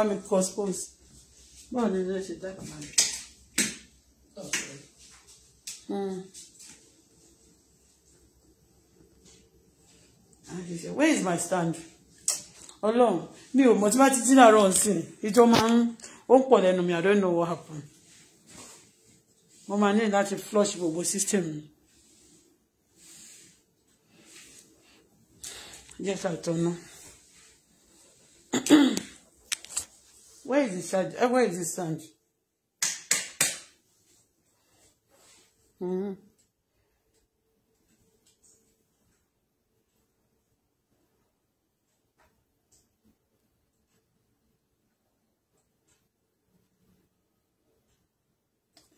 bá mi cross-pose báwo ni ilé ṣe dá kàmá lọ. where is my stand ọlọ́run mi ò mọ̀ tí bá ti dín àárọ̀ sí i ìjọ máa I don't know what happened mo máa ní láti flush gbogbo system Yes, I don't know. Where is the charge? Eh, where is the sound? Mm-hmm.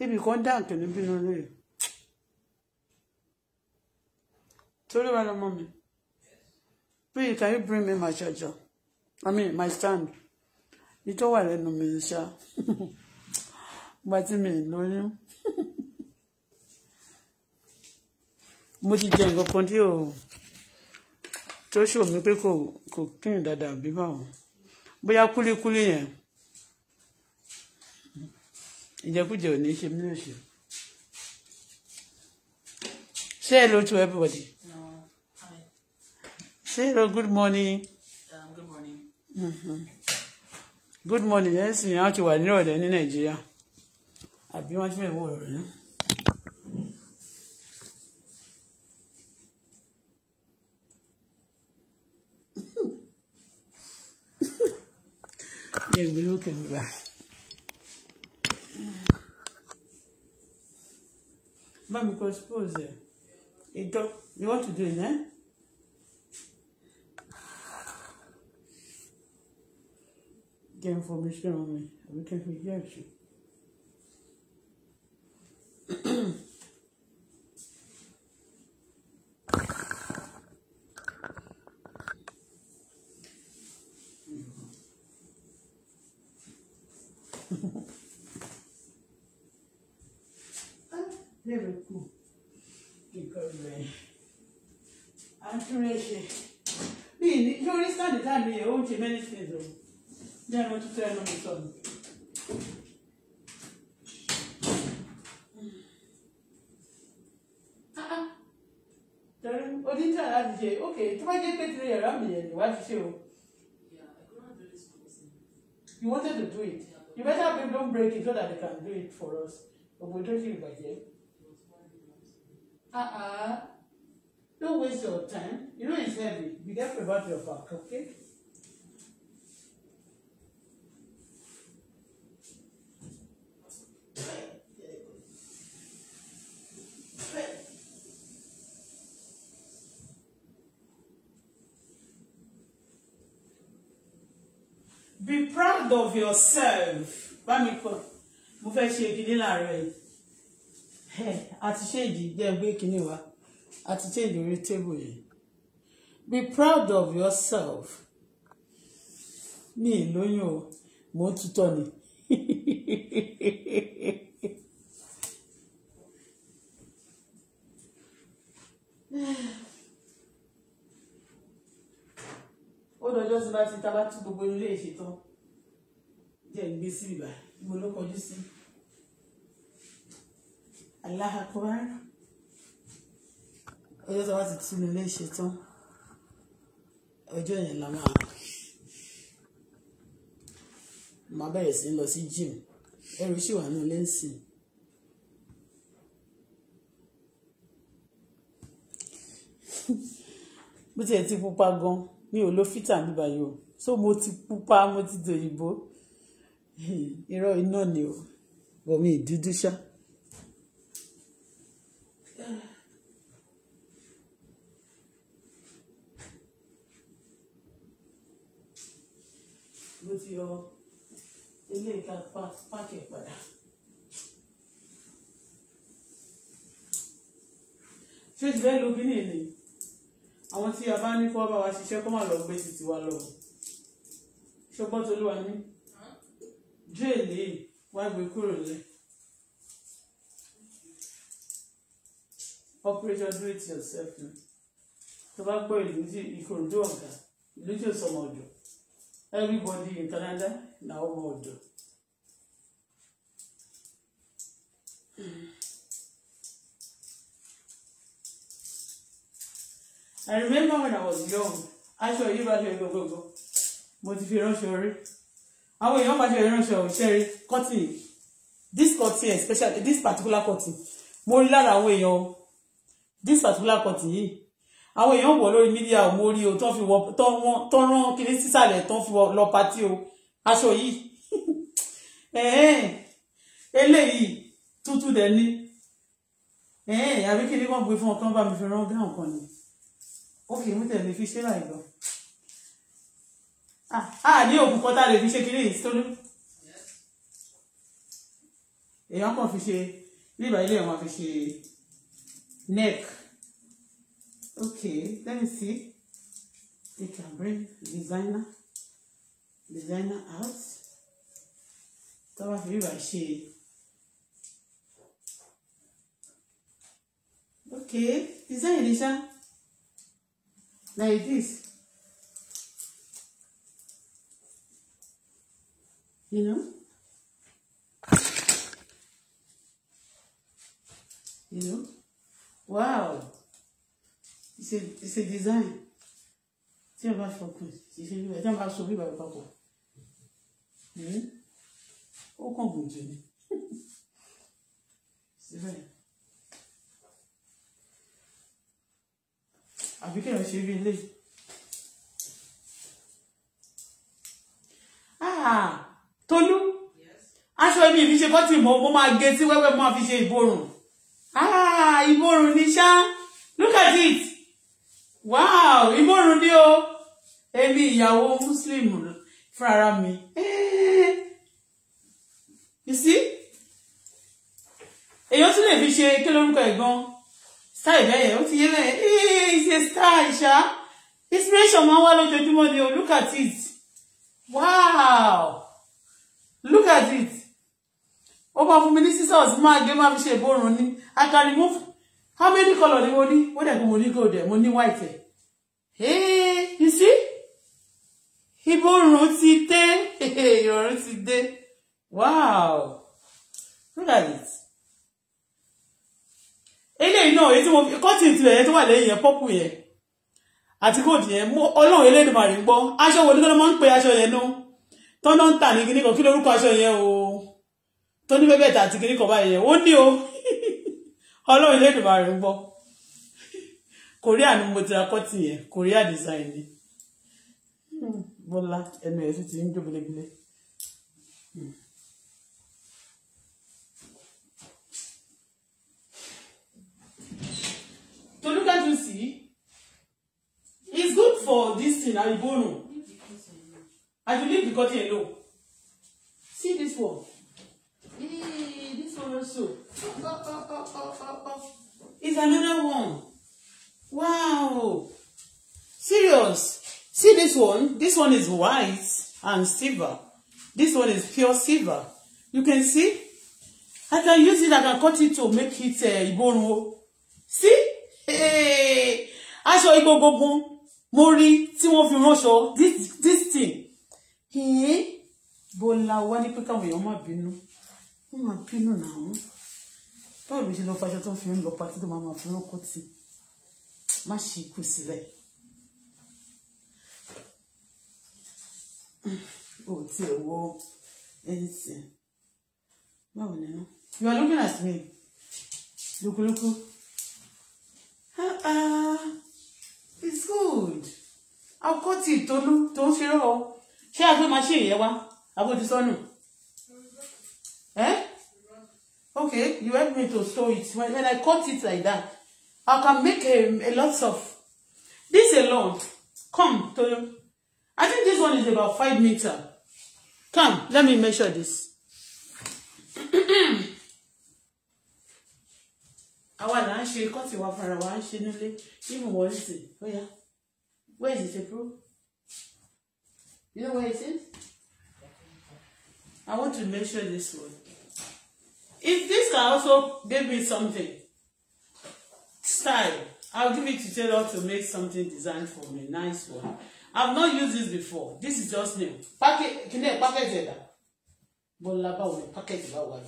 Ibi kan dáǹtò níbí náà lóye. Torí wa lọmọ mi. Please, can you bring me my charger? I mean, my stand ní tó wà lẹ́nu mi ṣá gba tí mi lóyún mo ti jẹ nǹkan kan tí ò tó ṣò mí pé kò kò kín dáadáa bí báwo bóyá kúlíkúlí yẹn ìjẹkújẹ ò ní ṣe mí ò ṣe say hello to everybody no, say hello good morning um, good morning. Mm-hmm good morning ẹ̀ sì á ti wà ní ọ̀dẹ ní nàìjíríà àbí wọ́n ti fẹ́ wọ̀ rẹ̀ náà. Yeah, we look at that. Mami, because suppose uh, it don't, you want to do it, eh? get information on me àbí kẹ́ fi jẹ́ ẹ̀sìn. very cool because uh, accuracy. Me, you understand the time Me, I won't change many things. Though. Then what you turn on the sun. Tẹ̀lé oníjà láti jẹ ok tó bá jẹ́ pé tìrẹ yàrá mi yẹn ni wá ti ṣe o. You wanted to do it. You better be don't break it so that they can do it for us. But we Ògbódó sì bàjẹ́. Uh-uh. Don't waste your time. You know it's heavy. Be careful about your back, okay? of yourself bá mi kọ mo fẹ́ ṣe kinní láàárọ̀ ẹ̀ a ti ṣéǹjì jẹ́ gbé kinní wa a ti ṣéǹjì orí tébù yìí be proud of yourself mi lóyún o mò ń tutọ́ ni ó dọjọ́ sí bá ti ta bá tún gbogbo ilé ìṣètò jẹ́ gbé sí ibà ibo ló kọjú sí aláhàkọ́bá ọjọ́ tó bá ti tú mi léṣe tán ọjọ́ yẹn la máa máa bẹ̀rẹ̀ sí lọ sí gym ẹrù sì wà ní ilé ń sìn. bó tiẹ̀ ti pupa gan mi ò lo fítà níbàyò so mo ti pupa mo ti dòyìnbó. irọ́ iná ni o bọ̀mí ìdúdú ṣá. mo ti yọ ilé ìka páàkì padà. ṣé ti fẹ́ lo bíní àwọn tí a bá ní kó bá wa ṣiṣẹ́ kó má lọ gbé títí wa lọ ṣọgbọ́n tó ló wà ní drill yìí wá gbé kúrò lẹ operation do it yourself ni tó bá gbọ́ ìlú tí ìkòròdú ọ̀gá ìlú tí ò sọmọ ọ̀dọ̀ everybody in Canada na ọmọ ọ̀dọ̀. I remember when I was young aṣọ yìí bá ṣe gbogbogbò mo ti fi ránṣọ rí àwọn èèyàn máa ṣe ìránṣẹ́ òṣèré cotton this cotton especially this particular cotton mo rí lára àwọn èèyàn this particular cotton yìí àwọn èèyàn wọ̀ lórí mídíà ò mo rí o tó fi wọ tó rán kiri sísàlẹ̀ tó fi wọ lọ patí o aṣọ yìí eléyìí tútù dẹ̀ ní àbí kí ni wọ́n gbé fún ọkàn bá mi fi rán gáàn kan ni ó fi ìmúdẹ̀ mi fi ṣe láì lọ. Ah, ah, a ní òkú kọ́tà lè fi ṣe kiri ìtọ́lú èèyàn kàn fi ṣe bíbá ilé ẹ̀ wọ́n fi ṣe neck okay let me see you can bring designer designer out tó bá fi bíbá ṣe okay design ni ṣá like this. you know you know wow it's a it's a design tí a bá fọkàn ìṣe bí báyìí tí a bá so bí báyìí papọ̀ hmm? ó kàn gùn jù ni síbẹ̀ àbí kéèyàn ṣe Ah! Tolu, aṣọ ẹbí mi ṣe kọ́tì mọ́ mo máa gé sí wẹ́wẹ́ mo máa fi ṣe ìborùn ah ìborùn ni ṣá look at it wow ìborùn ni o èmi ìyàwó muslim fúnra mi eh. you see èyàn tún lè fi ṣe kí lórúkọ ẹ̀gbọ́n style bẹ́ẹ̀ yẹn ó ti yé bẹ́ẹ̀ eh, it's a star, ṣá inspiration máa ń wá lójoojúmọ́ ni o look at it wow look at it ó for fún mi ní scissors máa gé máa fi ṣe ìborùn ni i can remove how many colour ni mo ní ó dẹ̀ kó mo ní gold white ẹ̀ hey, you see ìborùn ti dé ìrọ̀rùn ti dé wow look at it eléyìí náà èyí tí mo fi cotton tilẹ̀ yẹn tó wà lẹ́yìn yẹn pọ́pù yẹn àti gold yẹn ọlọ́run elédùnmarè ń gbọ́ aṣọ wo ni kí ló máa ń pe aṣọ yẹn náà tọ́nà ń tà ní kíní kan kí lórúkọ aṣọ yẹn o tó ní bẹ́bẹ̀ tà ti kíní kan báyìí yẹn ó ní o ọlọ́run ilé ìdìbò rẹ̀ ń bọ̀ korea ni mo ti ra kọ́tì yẹn korea design ni hmm, bọ́lá ẹnu ẹ̀ tún ti ń jó belebele. to look at you see it's good for this thing alibonu and you leave the cutting alone see this one eee this one also oh, oh, oh, oh, oh, oh. it's another one wow serious see this one this one is white and silver this one is pure silver you can see I can use it I can cut it to make it uh, eh, ìborùn o see aṣọ igbó Mori. See rí tí wọ́n fi show. this this thing hìn bọ́lá wa ní pé káwọn èèyàn má bínú wọ́n máa bínú náà báwo ló ṣe lọ faṣọ tó fi ń lọ pátí tó máa máa fi rán kọ́tì má ṣe ikú sílẹ̀ o ti ẹ̀ wọ anything báwo ni no you are looking at me lukuluku ah ah it's good akọ́tì ìtọ́nú tó ń fi rán ọ ṣé a gbé machine yẹn wá àbójú sọnù eh okay you help me to sew it when, when I cut it like that I can make a, a lot of this alone come to I think this one is about five meter come let me measure this àwa là ń ṣe kọ́tì wa fara wa ń ṣe nílé even wọ́n sì ó yá where is the pro. You know where it is? I want to measure this one. If this can also give me something, style, I'll give it to Taylor to make something designed for me, nice one. I've not used this before. This is just new. Packet, can I package it? Bola ba o package ba wa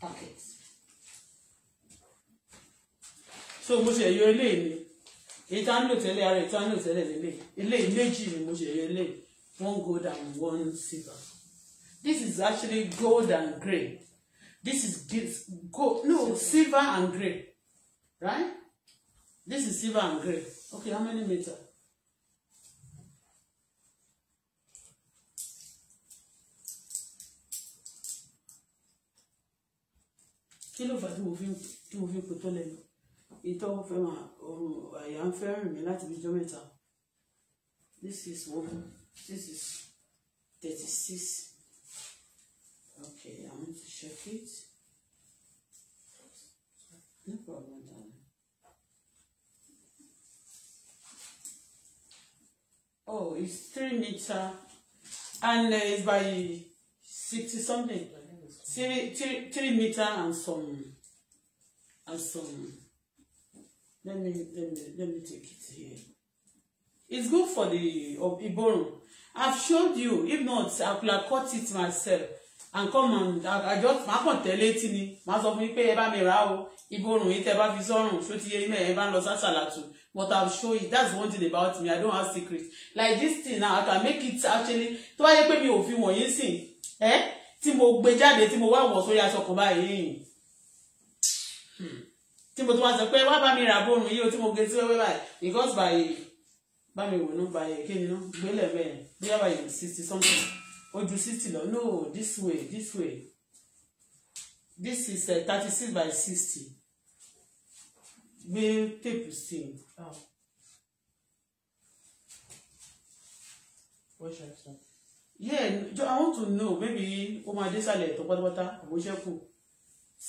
packet. So mo ṣe yo eléyìí ni. Ìta ń lò tẹ́lẹ̀ ara ìta ń lò tẹ́lẹ̀ lélẹ̀. Eléyìí méjì ni mo ṣe yo eléyìí one gold and one silver. This is actually gold and grey. This is this gold, no, silver and grey, right? This is silver and grey. Okay, how many meter? kí ló fà tí mo fi tí mo fi pètò lẹ́nu ìtọ́ fẹ́ máa ọrùn um, àyà ń fẹ́ rìn mí láti fi mẹ́ta this is one. This is 36. Okay, I want to check it. No problem, darling. Oh, it's 3 meter and uh, it's by 60 something. Three, three, three meter and some and some let me let me let me take it here it's good for the Iboro. I've showed you if not I could cut it myself and come and I just máa kàn tẹ́lẹ̀ tí ni máa sọ fún yín pé ẹ bá mi rà ó ibo òrùn yìí tẹ bá fi sọ́rùn ṣó ti yé yín mẹ́ẹ̀ ẹ bá ń lọ but I've show you that's one thing about me I don't have secret like this thing now I can make it actually tó bá yẹ pé mi ò fi wọ̀nyí sìn eh? tí mo gbé jáde tí mo wá wọ̀ sórí aṣọ kan báyìí hmm. tí mo tún wá sọ pé wá bá mi rà bóòrùn yìí o tí mo gé sí wẹ́wẹ́ báyìí because by bá mi wò nọ́mbà yẹn kí ni nú gbélé bẹ́ẹ̀ bí yàrá yẹn sixty something ó ju sixty lọ no this way this way this is eh, thirty six by sixty gbé tape sí i. Ah. What should I Yeah, I want to know maybe ó máa dé sálẹ̀ tó pátápátá àbó ṣẹ́kù.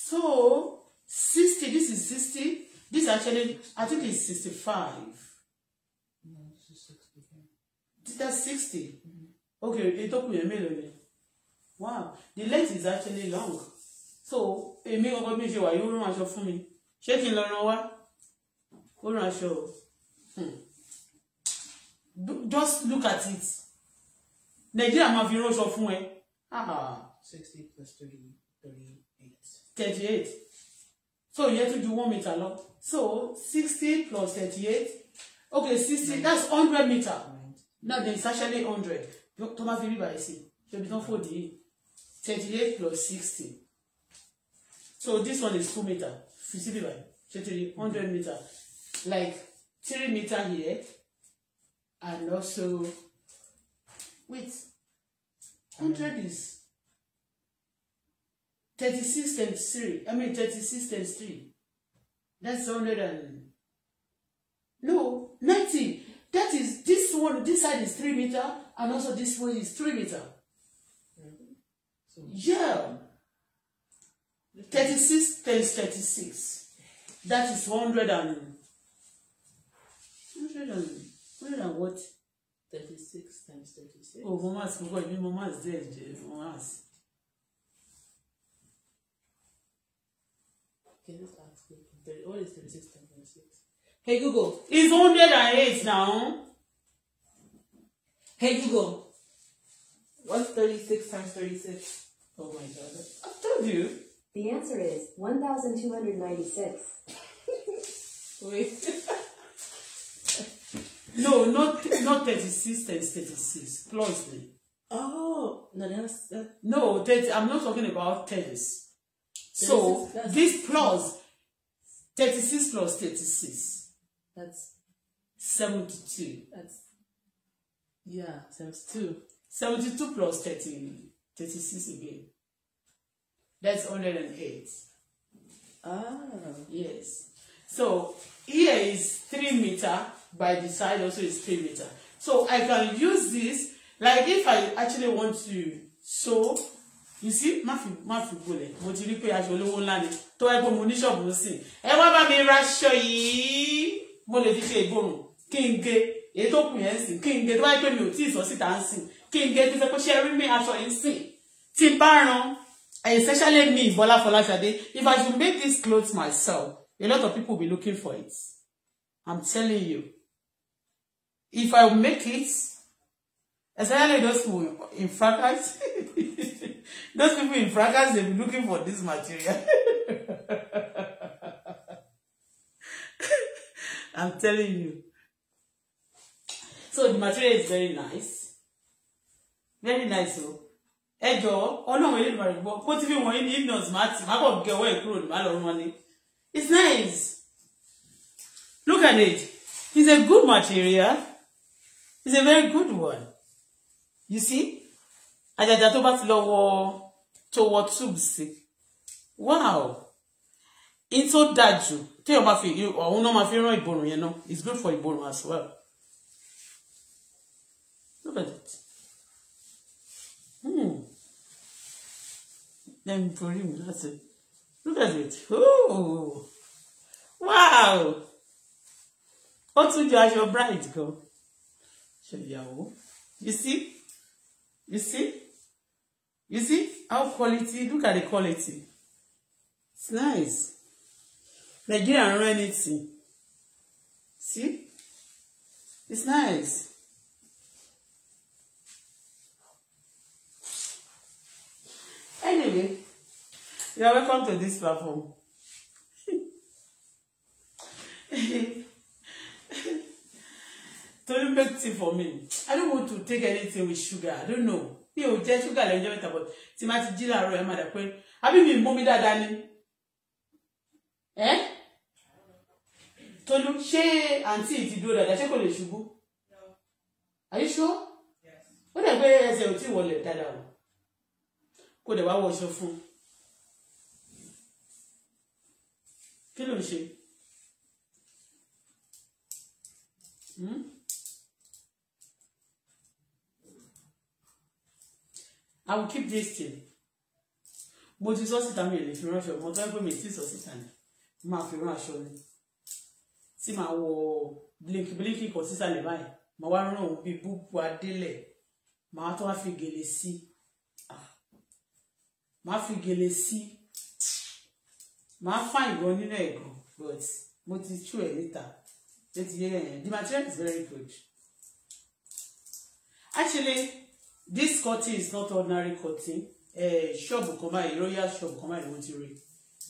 So sixty this is sixty this actually I think it's sixty-five títẹ́ sixty okay it took me a minute. wow the length is actually long so a minute bí me, ṣe wà you rán aṣọ for me? ṣé kí what? lọ rán wá hmm. just look at it Nigeria, my máa fi ránṣọ fún ẹ. sixty plus thirty thirty-eight. thirty-eight so you have to do one meter long. so sixty plus thirty-eight okay sixty that's hundred meter now there is actually hundred tó bá fi rí by sí ṣebi tán fò dé thirty eight plus sixty so this one is two meter fifty by báyìí hundred meter like three meter here and also wait hundred is thirty six times three I mean thirty six times three that's hundred and no ninety that is this one, this side is three meter, and also this one is three meter. Yeah. 36 times 36. That is 100 and... 100 and... 100 and what? 36 times 36. Oh, Mama's, God, I mean, Mama's dead. Mama's. Okay, let's ask you. What is 36 times 36? Hey, Google. It's 108 now. Hey Google, what's 36 times 36? Oh my god, I told you. The answer is 1,296. Wait. no, not not 36 times 36, plus Oh, no, that's. That. No, that, I'm not talking about tens. So, this plus 36 plus 36. That's 72. That's Yeah, times two. 72 plus 30, 36 again. That's 108. Ah. Yes. So here is 3 meter by the side also is 3 meter. So I can use this, like if I actually want to sew, you see, ma fi ma fi gbolẹ̀, mo ti rí pe aṣọ olówó ńlá ni, tó ẹ pé mo ní ṣọ́ọ̀bù sí. Ẹ wá bá mi raṣọ yi mo le di ṣe ìgbòrùn kí n gé èyí tó kù yẹn ń sìn kí n gé tó bá yẹ pé mi ò tí ì sọ síta ń sìn kí n gé tó sọ pé ṣé rí mi aṣọ yìí sìn tí n bá ran especially me Bọ́lá Fọláṣadé if I should make this clothes myself a lot of people be looking for it I'm telling you if I make it especially those people in fracas those people in fracas dey be looking for this material. I'm telling you so the material is very nice very nice o ẹ jọ̀ọ́ Ọlọ́run ilé ìmọ̀ràn gbọ́ kó tí fi wọn ní ignorance má ti má bọ̀ gẹ ọwọ́ ẹ̀ kúrò ní má lọ́rùn wọn ni it's nice look at it it's a good material it's a very good one you see àjàjà tó bá ti lọ wọ tó wọ tube sí wow in tó dájú téèyàn máa fi ọ̀hún náà máa fi rán ìborùn yẹn náà it's good for ìborùn as well. Look at it. Hmm. Then for him, that's it. Look at it. Oh. Wow. What would you jọ your bride gan. Ṣé ìyàwó? You see? You see? You see how quality? Look at the quality. It's nice. Nigerian run anything. See? It's nice. Anyway, you are welcome to this platform. Tolu make tea for me. I don't want to take anything with sugar. I don't know. Mi ò jẹ sugar lẹ́jọ́ mẹ́ta but tí ma ti jí láàárọ̀ ẹ̀ máa dà pé àbí mi mú mi dáadáa ni. Ẹ́ Tolu she auntie ti dúró dáadáa ṣé kò lè ṣubú? Are you sure? Yes. dẹ̀ pé ẹsẹ̀ ò tí ì wọlé dáadáa o kó dẹ̀ wá wọṣọ fún un kí ló ń ṣe hmm? I will keep this thing mo ti sọ síta mi lè fi ránṣọ mo tọ́ pé mi ti sọ síta ni mo máa fi rán aṣọ ni tí màá wọ bílíkì bílíkì kan sísàlẹ̀ báyìí màá wá rán òun bíi búbu adélẹ̀ màá tó wá fi gèlè sí i máa fi gèlè sí máa fà ìgbọ́n nínú ẹ̀gàn but mo ti tú ẹ̀ níta ṣé ti yé the material is very good actually this cotton is not ordinary cotton ṣọ́ọ̀bù eh, kan báyìí royal ṣọ́ọ̀bù kan báyìí ni wọ́n ti rí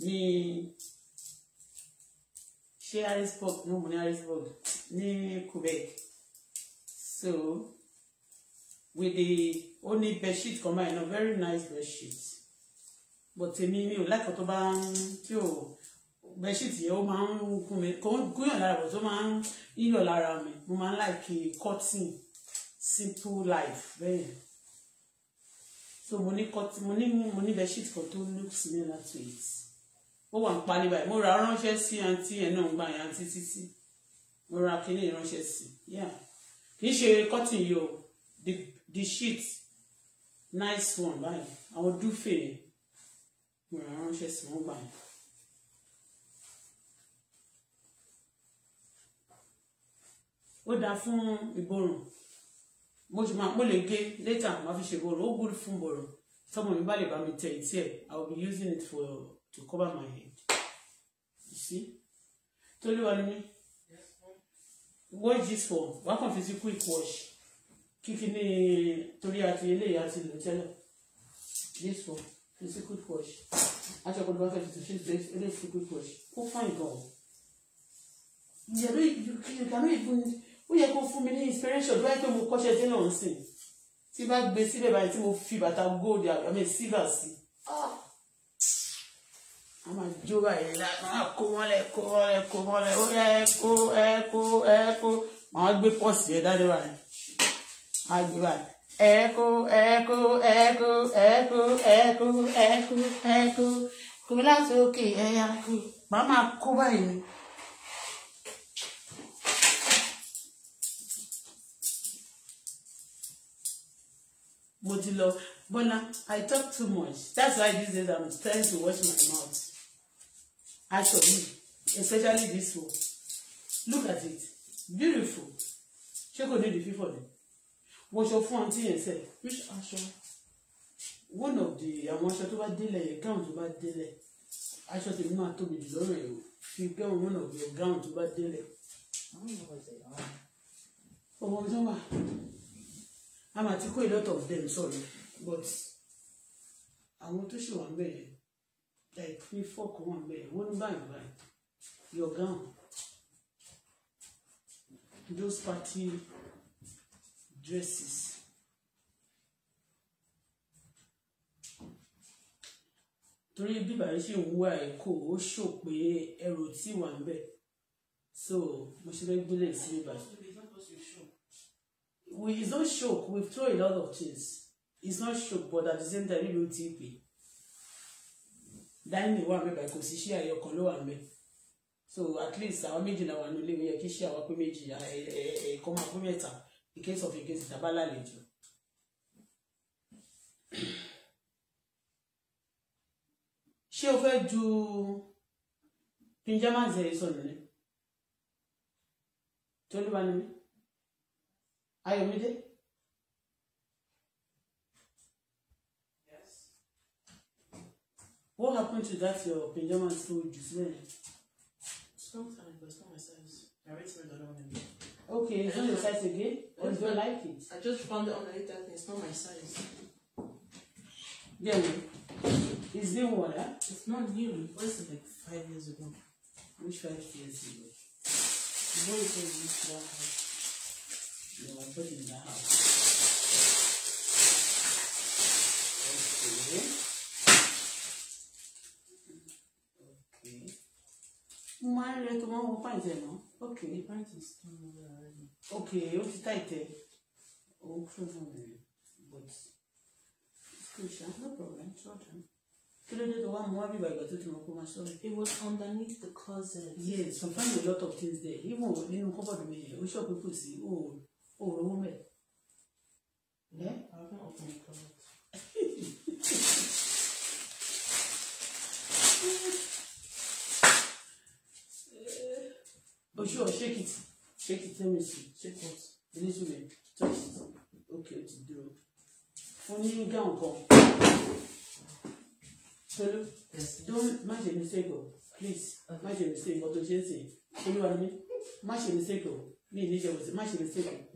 ní ṣé harrisburg ní òmùní harrisburg ní Quebec so with the only bedsheet kan báyìí náà very nice bedsheet but èmi mi ò láìpẹ́ tó bá ń tí ò bẹ́ṣítì yẹn ó máa ń gún mi kò ń gúnyàn lára bọ̀ tó máa ń yíyọ̀ lára mi mo máa ń láìkè cotton simple life bẹ́ẹ̀ so mo ní cotton mo ní mo ní bẹ́ṣítì kan tó look similar to it ó wà ń pa ní báyìí mo ra ránṣẹ́ sí àǹtí yẹn náà ń gbà yẹn àǹtí títí mo ra kíní ránṣẹ́ sí yeah kì í ṣe cotton yìí o the the sheet nice one báyìí àwọn dúfèé mo rà ránṣẹ́ sí wọn gbà yẹn. ó dáa fún ìborùn mo ṣe máa mo lè gé later máa fi ṣe ìborùn ó good fún ìborùn tọmọ mi bá lè bá mi tẹ ìtí ẹ i will be using it for to cover my head you see tolúwa ni mí watch this for wàá kàn fi sí quick wash kíkí ní torí àti eléyìí àti ìlú tẹ́lẹ̀ this one fi sí quick wash aṣọ kan tó bá fẹ́ fi sí ṣe é fi quick wash God. fún ìgbọ̀n you ìgbàlú ìfún ó yẹ kó fún mi ní inspiration tó bá yẹ pé mo kọ́ṣẹ́ tí náà ń sìn tí bá gbé síbẹ̀ báyìí tí mo fi bàtà gold àmì silver sí a máa jó báyìí la máa kó mọ́lẹ̀ kó mọ́lẹ̀ kó mọ́lẹ̀ ó yẹ kó ẹ kó ẹ kó máa gbé pọ́ọ̀sì ẹ̀ dáadé báyìí máa gbé báyìí. Eco, eco, eco, eco, eco, eco, eco. Kùmí láti òkè ẹ̀yà kù. Màá máa kó báyìí ni. Mo ti I talk too much. That's why these days I'm trying to watch my mouth. Actually, especially this one. Look at it. Beautiful. Ṣé kò the ìdí fífọ̀ ni? wọṣọ fún àǹtí yẹn sẹ which aṣọ one of the àwọn aṣọ tó bá délẹ̀ yẹn gown tó bá délẹ̀ aṣọ tèmi máa tóbi jù lọ́rùn ẹ̀ o fi gown one of your gown tó bá délẹ̀ ọmọ ọjọ́ wà a máa ti kó a lot of them sọ̀rọ̀ but àwọn tó ṣì wà ń bẹ̀rẹ̀ like ní fọ́ọ̀kù wà ń bẹ̀rẹ̀ wọ́n ní báyìí báyìí your gown those party dresses. torí bíbà yìí ṣì ń wú àìkò ó ṣò pé ẹrù tí wà ń bẹ so mo ṣe fẹ́ gbélé e sí bíbà we is not shock we throw a lot of things is not shock but at the same time nílùú ti pè dáìní wà mẹ́bà kò sí ṣé àyè ọkàn ló wà mẹ́ so at least àwọn méjì làwọn àlọ́ lé mi yẹ kí ṣé àwọn pé méjì ẹ̀ẹ́kọ́ máa pé mẹ́ta in case of a case ìtàbálà àlejò. ṣé o fẹ́ ju pinjamas ẹ̀ sọ̀rọ̀ ni tolúwa ni mí ayọ̀mídé. What happened to that your pajamas food you smell? Sometimes, but not my size. I wait for the other one. Okay, it's not your size again? Or do not like it? I just found it on the thing. it's not my size. Yeah, it's new one, huh? It's not new. It was like five years ago? Which five years ago? The boy one house? I put in the house. Okay. mo máa ń rí tó máa ń wọ pàǹtí ẹ̀ náà ok pàǹtí is too long ok ó ti tà ìtẹ́ ó fún fún mi but still sha no problem short term kí ló dé tó wá mú wá bíbá ìgbà tó ti mọ kó máa sọ. it was underneath the closet. yes sometimes a lot of things there even nínú kọ́bọ̀dù mi yẹn ó ṣọ̀pẹ́ kò sí òòrùn owó mẹ́ẹ̀. Eh? Oh, sure, shake it. Shake it, let me see. Shake what? This way. Touch it. Okay, ó do. Funny Fún ní gown kan. Tolu, don't má ṣe mistake o. Please, má ṣe mistake o. Tó ṣe é sè. Olúwa mi, má ṣe mistake Me Mi ní ṣe mistake, má mistake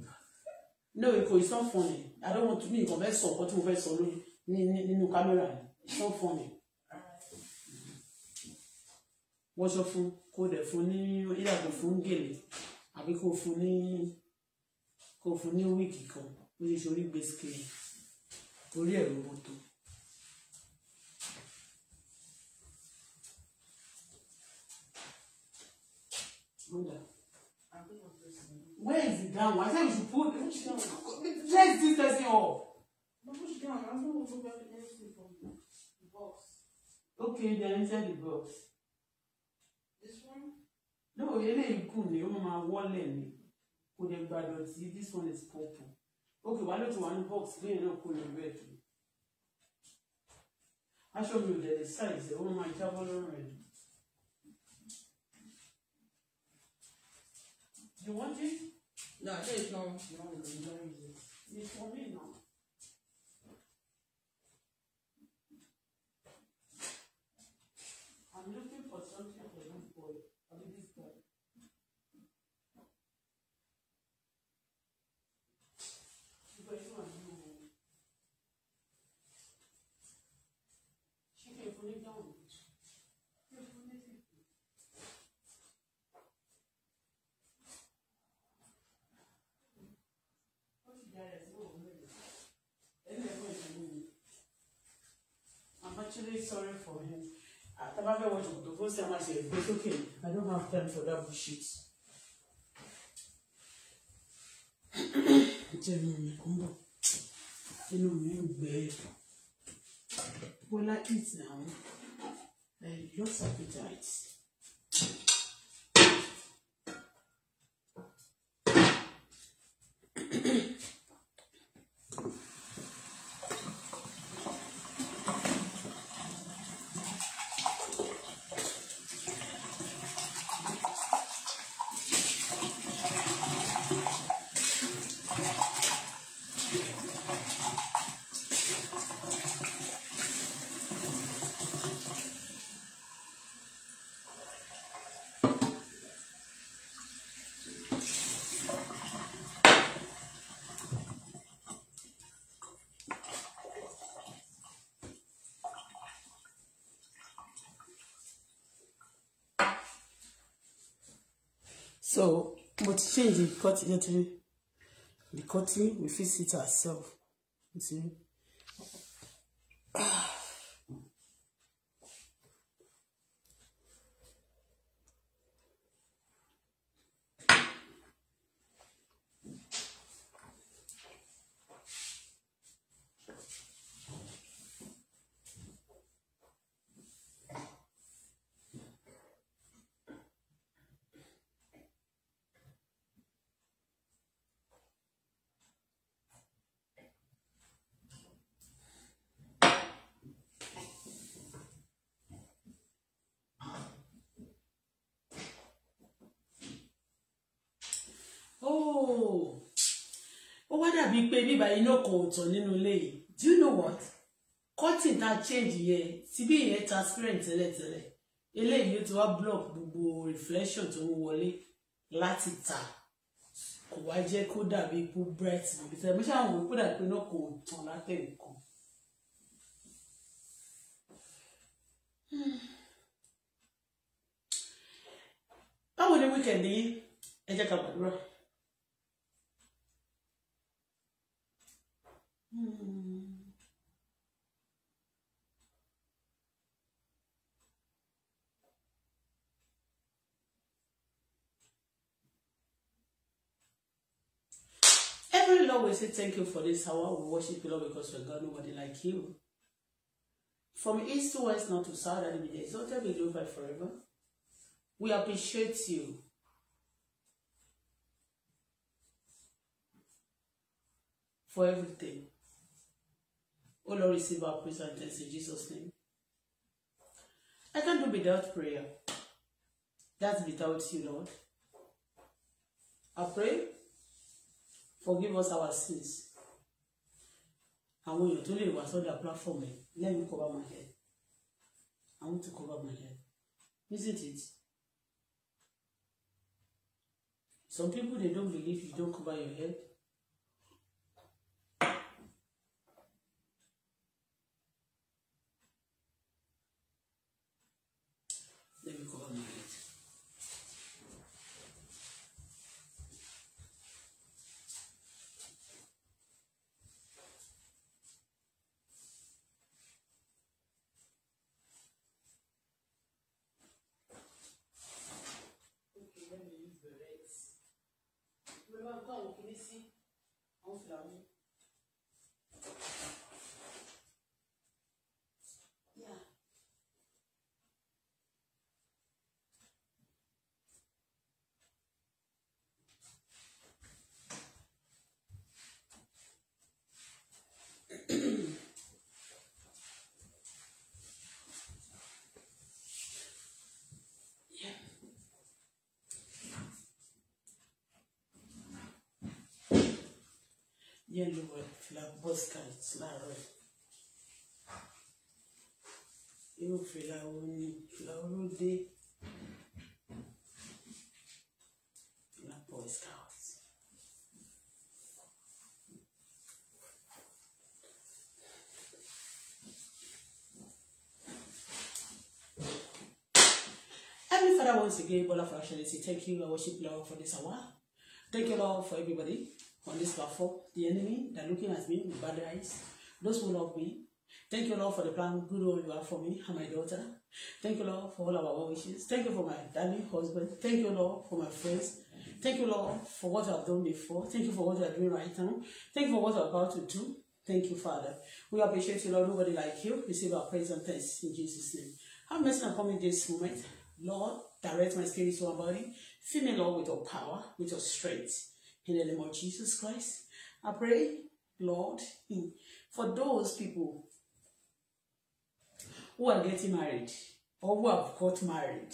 No, it's not funny. I don't want to be nǹkan fẹ́ sọ ọ̀pọ̀ tí mo fẹ́ sọ lórí nínú kámẹ́rà. It's not funny wọ́ṣọ fún kó dẹ̀ fún ní yíyà kó fún gèlè àbí kó fún ní kó fún ní wíìkì kan ó ṣe sórí gbèsè orí ẹ̀rọ mọ́tò. Where is the down Why I said we should put let's this person up. Okay, then inside the box. This one? No, eléyìí gùn ni ó máa wọ́lẹ̀ ni. Kò lè gbàdọ̀ tí this one is purple. Okay, wàá ló ti wà ní box lẹ́yìn náà kò lè red. Aṣọ mi ò dẹ̀ lè size ẹ̀ ó máa jábọ́ lọ́rùn ẹ̀. You want it? No, I think it's not. No, no, no. It's for me now. for you àtàbá fẹ́ wọ ṣòkòtò fún sẹ́wọ̀n àṣẹ ìgbé sókè I don't have time for that bullshit. ìtẹ̀lé mi kò ń bọ̀ inú mi ń gbẹ Bọ́lá eat now I eh, lost appetite. so mo ti change the cutting yẹn the cutting we fit sit ourselves you see. Ah. ó wá dàbí pé bíbá iná kan ọ̀tọ̀ nínú ilé yìí do you know what cotton ta change yẹn síbí yẹn transparent tẹ́lẹ̀tẹ́lẹ̀ eléyìí ti wá block gbogbo reflection tó ń wọlé láti ta kò wá jẹ́ kó dàbí ipò bright níbi tẹ́lẹ̀ bí sáwọn òun kó dàbí pé náà kò tàn látẹ̀nìkan. báwo ni wíkẹ̀ndì yìí ẹ jẹ́ ká gbàdúrà. Hmm. Every Lord will say thank you for this hour. We worship you, Lord, because we got nobody like you. From east to west, not to south, and media exalted be glorified forever. We appreciate you. For everything. O Lord, receive our praise and thanks in Jesus' name. I can't do without prayer. That's without you, Lord. I pray, forgive us our sins. And Àwọn èèyàn tó lè on the platform let me cover my head. I want to cover my head. Isn't it? Some people, they don't believe you don't cover your head. ici, on se la ẹlòmíràn fìlà bọ́sìkà láàárọ̀ irú fìlà wo ni fìlà olóde fìlà once again, Bola for Actuality, thank you, I worship Lord, for this hour. Thank you, Lord, for everybody on this platform, the enemy, they're looking at me with bad eyes, those who love me. Thank you, Lord, for the plan, good one you have for me and my daughter. Thank you, Lord, for all our wishes. Thank you for my daddy, husband. Thank you, Lord, for my friends. Thank you, Lord, for what i have done before. Thank you for what you are doing right now. Thank you for what I'm about to do. Thank you, Father. We appreciate you, Lord. Nobody like you. Receive our praise and thanks in Jesus' name. Have mercy upon me this moment. Lord, direct my spirit to my body. Fill me, Lord, with your power, with your strength. In the name of Jesus Christ, I pray, Lord, for those people who are getting married or who have got married.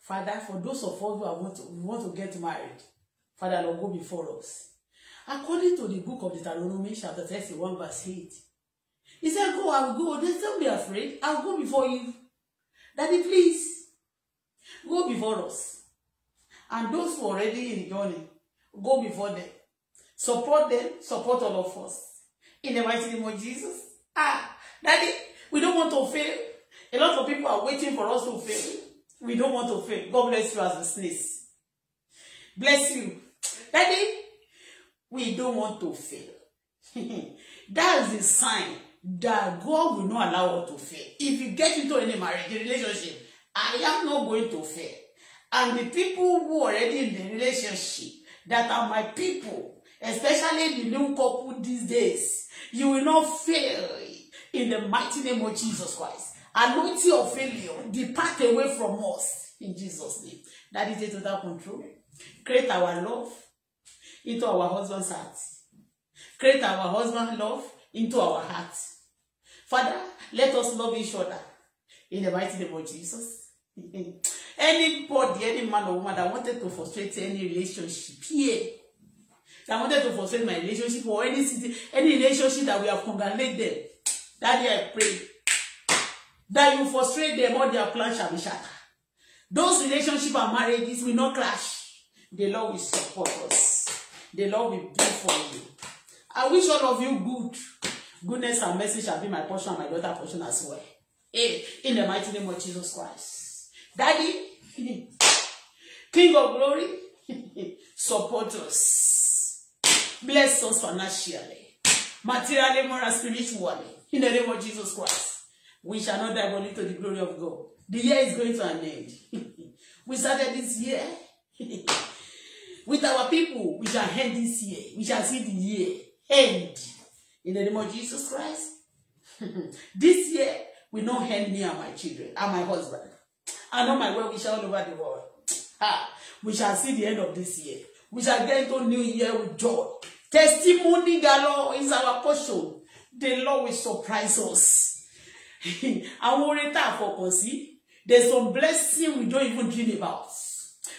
Father, for those of us who are want to, want to get married, Father, Lord, go before us. According to the book of Deuteronomy, chapter 31, verse 8, he said, Go, I will go. Don't be afraid. I will go before you. Daddy, please, go before us. And those who are already in the journey, Go before them. Support them. Support all of us. In the mighty name of Jesus. Ah, Daddy, we don't want to fail. A lot of people are waiting for us to fail. We don't want to fail. God bless you as a sneeze. Bless you. Daddy, we don't want to fail. That's a sign that God will not allow us to fail. If you get into any marriage, relationship, I am not going to fail. And the people who are already in the relationship, that are my people, especially the new couple these days. You will not fail in the mighty name of Jesus Christ. Anointing of failure, depart away from us in Jesus' name. That is a total control. Create our love into our husband's heart. Create our husband love into our heart. Father, let us love each other in the mighty name of Jesus. anybody any man or woman that wanted to frustrate any relationship here that wanted to frustrate my relationship or any city any relationship that we have congratulate them that day I pray that you frustrate them all their plans shall be shattered those relationships and marriages will not clash the Lord will support us the Lord will be for you I wish all of you good goodness and mercy shall be my portion and my daughter's portion as well. Eh, in the mighty name of Jesus Christ. Daddy, King of glory, support us. Bless us financially, materially, morally, spiritually. In the name of Jesus Christ, we shall not die only to the glory of God. The year is going to an end. We started this year. With our people, we shall end this year. We shall see the year end. In the name of Jesus Christ. This year will not end me and my children and my husband. I know my well wisher all over the world. Ha! We shall see the end of this year. We shall get into new year with joy. Testimony galore is our portion. The Lord will surprise us. And we'll return for fọkàn There's some blessing we don't even dream about.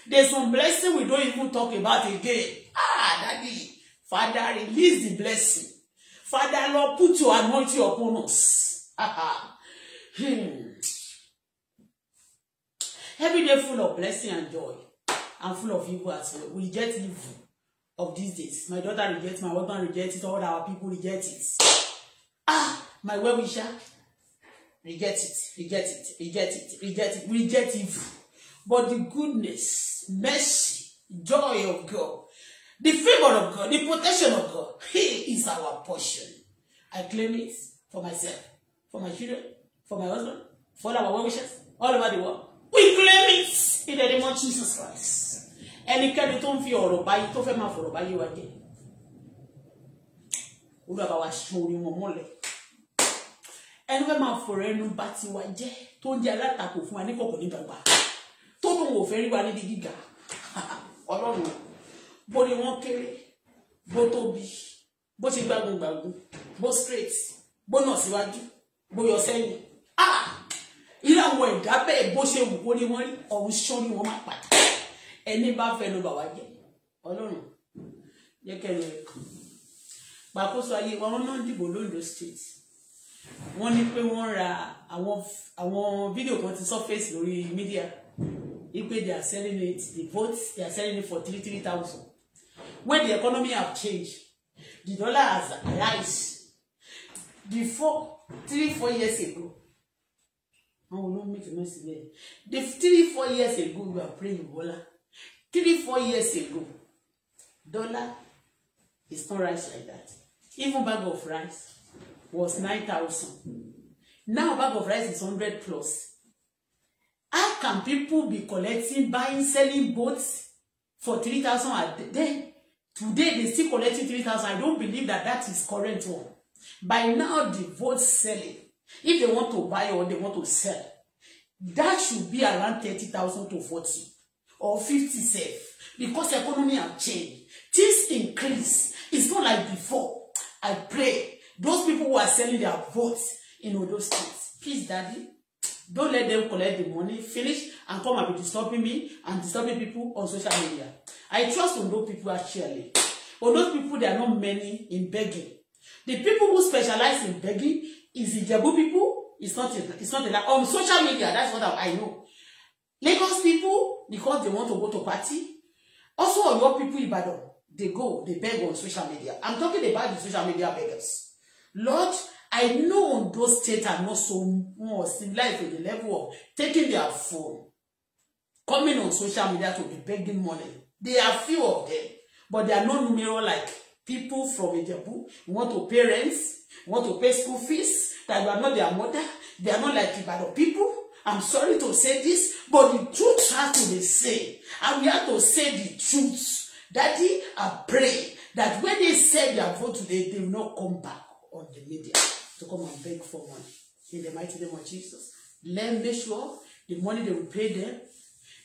There's some blessing we don't even talk about again. Ah, Daddy, Father, release the blessing. Father, Lord, put your anointing upon us. Ah, ah. Hmm every day full of blessing and joy and full of evil as well we reject evil of these days my daughter reject my husband reject it all our people reject it ah my well wisher reject it reject it reject it reject it we reject evil but the goodness mercy joy of God the favor of God the protection of God he is our portion I claim it for myself for my children for my husband for our well wishes all over the world we claim it in the name of Jesus Christ ẹnikẹ́ni tó ń fi ọ̀rọ̀ báyìí tó fẹ́ máa fọ̀rọ̀ báyìí wá jẹ́ olùwàbà wa ṣe orí wọn mọ́lẹ̀ ẹni fẹ́ máa fọ̀rọ̀ ẹnu bá tiwa jẹ́ tó ń jẹ́ alátakò fún wa ní kọ̀kọ̀ ní gbàgbà tó lóun ò fẹ́ rí wa níbi gíga ọlọ́run bó ni wọ́n kéré bó tóbi bó ṣe gbágun gbàgun bó straight bó nà síwájú bó yọ ah irú àwọn ẹ̀dá bẹ́ẹ̀ bó ṣe wù kó ní wọ́n rí ọ̀hún sórí wọn má padà ẹni bá fẹ́ ló bà wá jẹ ọlọ́run jẹ́ kẹ́rin ẹ̀ kàn gbàkóso ayé wa wọn náà dìbò londo state wọ́n ní pé wọ́n ra àwọn fídíò kan ti surface lórí mídíà ipe they are selling it the votes they are selling it for three three thousand when the economy have changed the dollar has rise before three four years ago àwọn ló make noise bẹ́ẹ̀ the three four years ago you are playing Bola three four years ago dollar is not rise like that even bag of rice was nine thousand now bag of rice is hundred plus how can people be collecting buying selling boats for three thousand and day? today they still collecting three thousand I don't believe that that is current one by now the boat selling If they want to buy or they want to sell, that should be around 30,000 to 40 or 50 safe because the economy has changed. This increase. is not like before. I pray those people who are selling their votes in all those states, please, Daddy, don't let them collect the money, finish, and come and be disturbing me and disturbing people on social media. I trust those people actually. those people, there are not many in begging. The people who specialize in begging, Is the Jebu people. It's not, it's not that on um, social media, that's what I know. Lagos people, because they want to go to party. Also, a lot of people, in Ibadan, they go, they beg on social media. I'm talking about the social media beggars. Lord, I know those states are not so more civilized to the level of taking their phone, coming on social media to be begging money. There are few of them, but they are not numerous like people from Ijebu, want to parents, want to pay school fees, that you are not their mother, they are not like the Ibadan people. I'm sorry to say this, but the truth has to be said. And we have to say the truth. Daddy, I pray that when they say their vote today, they will not come back on the media to come and beg for money. In the mighty name of Jesus. Let make sure the money they will pay them,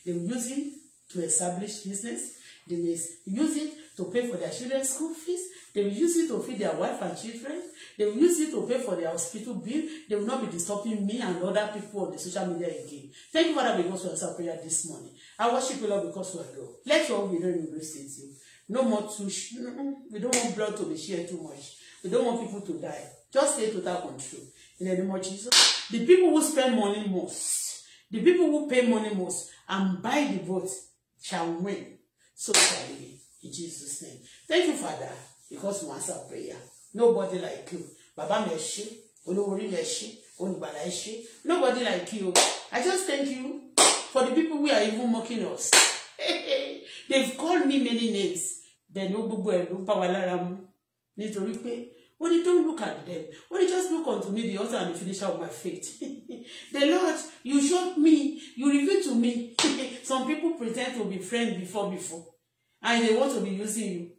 they will use it to establish business. They may use it to pay for their children's school fees. They will use it to feed their wife and children. They will use it to pay for their hospital bill. They will not be disturbing me and other people on the social media again. Thank you, Father, because you answered prayer this morning. I worship you, Lord, because you are Lord. Let your will be received you. No more too. We don't want blood to be shared too much. We don't want people to die. Just stay total control. In the name of Jesus. The people who spend money most, the people who pay money most and buy the votes shall win. So shall we. In Jesus' name. Thank you, Father, because you answer prayer. Nobody like you. Baba mi ẹ ṣé, olówórí mi Nobody like you. I just thank you for the people who are even mocking us. They've called me many names. They no gbogbo ẹ̀ ló bá wa lára mu. Nítorí pé ó ní don't look at them. when you just look unto me the author and the finisher of my faith. The Lord, you showed me, you revealed to me. Some people pretend to be friends before before and they want to be using you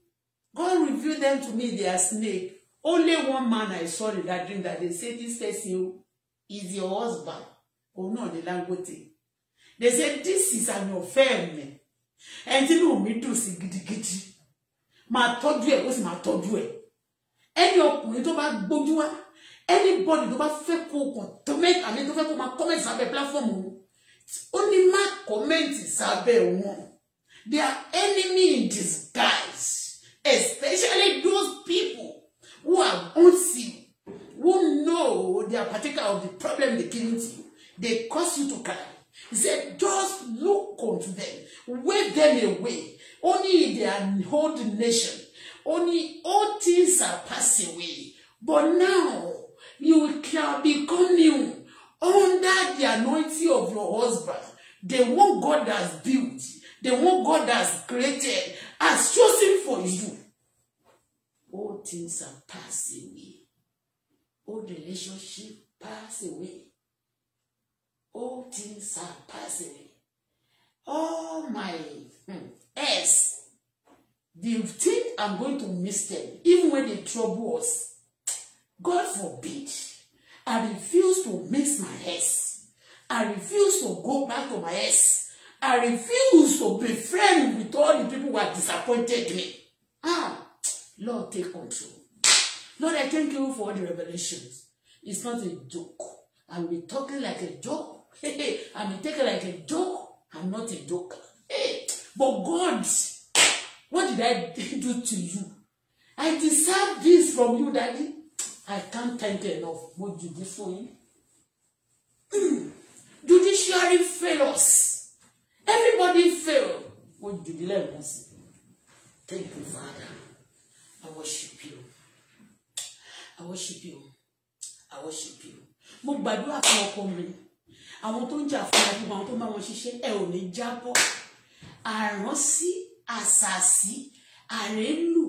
God reveal them to me they are snake only one man I saw in that dream that they say this person oh, is your husband òun náà ni Dangote they say this is an offense ẹni tí you mi dùn sí gidigidi gidi tọ́jú ẹ̀ ó sì máa tọ́jú ẹ̀ ẹni ọkùnrin tó bá gbójú wá anybody tó bá fẹ́ kó to make mẹ́ta àmì tó fẹ́ kó máa comment sábẹ́ platform wọn ó ní má comment sábẹ́ wọn. They are enemy in disguise, especially those people who are unseen, who know they are particular of the problem they came into you. They cause you to cry. He said, just look unto them, wave them away. Only they are an old nation. Only all things are passed away. But now you can become new under the anointing of your husband, the one God has built the one God has created, has chosen for you. All things are passing away. All relationship pass away. All things are passing away. All oh my hmm, ex, the thing I'm going to miss them, even when they trouble us. God forbid. I refuse to miss my ex. I refuse to go back to my ex. I refuse to be friends with all the people who have disappointed me. Ah, Lord, take control. Lord, I thank you for all the revelations. It's not a joke. I will be talking like a joke. I'll be taking like a joke. I'm not a joker. Hey, but God, what did I do to you? I deserve this from you, Daddy. I can't thank you enough. What you do for you? Judiciary failures. Everybody fail. Mo jùdí lẹ́ẹ̀kan sí. Thank you, Father. I worship you. I worship you. I worship you. Mo gbàdúrà fún ọkọ mi. Àwọn tó ń jà fún ọkọ àwọn tó máa wọn E o ò ní jábọ́. Àránsí, àsàsí, àrélù,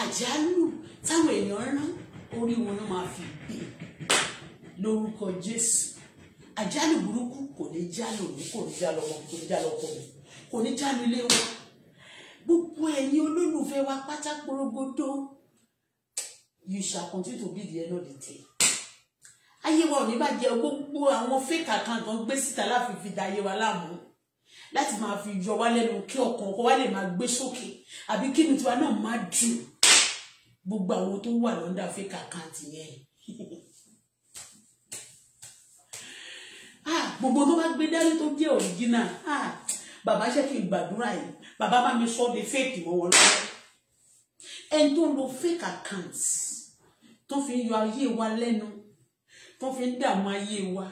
àjálù táwọn èèyàn rán orí wọn náà máa fi gbé lórúkọ Jésù àjálù burúkú kò ní jálù mi kò ní jálù ọmọ kò ní jálù ọkọ mi kò ní jálù ilé wa gbogbo ẹ̀yin olólùfẹ́ wa pátá porogodo you shall continue to be the end of the day ayé wa ò ní bàjẹ́ gbogbo àwọn fake account tó ń gbé síta láfi fi da ayé wa láàmú láti máa fi yọ wá lẹ́nu kí ọkàn kó wá lè máa gbé sókè àbí kí ni tiwa náà máa dùn gbogbo àwọn tó wà lọ́ndà fake account yẹn Ah, gbogbo tó bá gbé dání tó jẹ́ original ah, bàbá ṣe kí n gbàdúrà yìí bàbá bá mi sọ de fake mọ́ wọn lọ́wọ́ ẹni tó ń lo fake account tó fi ń yọ ayé wa lẹ́nu tó fi ń dààmú ayé wa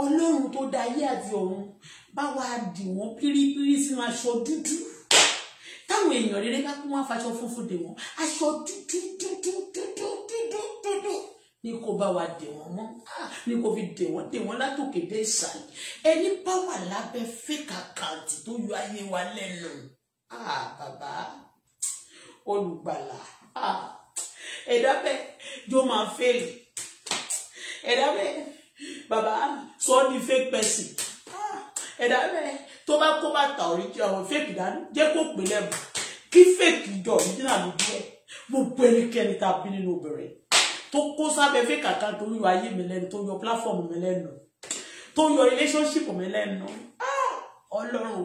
ọlọ́run tó dá ayé àti ọ̀run bá wa dì wọ́n pírípírí sínú aṣọ dúdú táwọn èèyàn rere bá kó wọn faṣọ funfun dè wọ́n aṣọ dúdú dúdú dúdú dúdú dúdú ní kó bá wa dè wọ́n mọ́ ah, ní kó fi dè wọ́n dè wọ́n látòkè dé ìsàlẹ̀ ẹni páwà lábẹ́ fake account tó yọ ayé wa ah, bàbá olùgbàlà ah, ẹ̀dá bẹ́ẹ̀ yóò máa fẹ́ẹ̀lì ẹ̀dá bẹ́ẹ̀ bàbá sọ ọ́ di fake person ah, ẹ̀dá bẹ́ẹ̀ tó bá kó bá ta original àwọn fake dání jẹ́ kó pè lẹ́bù kí fake jọ original lójú ẹ̀ gbogbo ẹnikẹ́ni tá a bí nínú obìnrin. To kó sábẹ́ fake account To yọ ayé mi lẹ́nu To yọ platform mi lẹ́nu To yọ relationship mi lẹ́nu ah! ọlọ́run o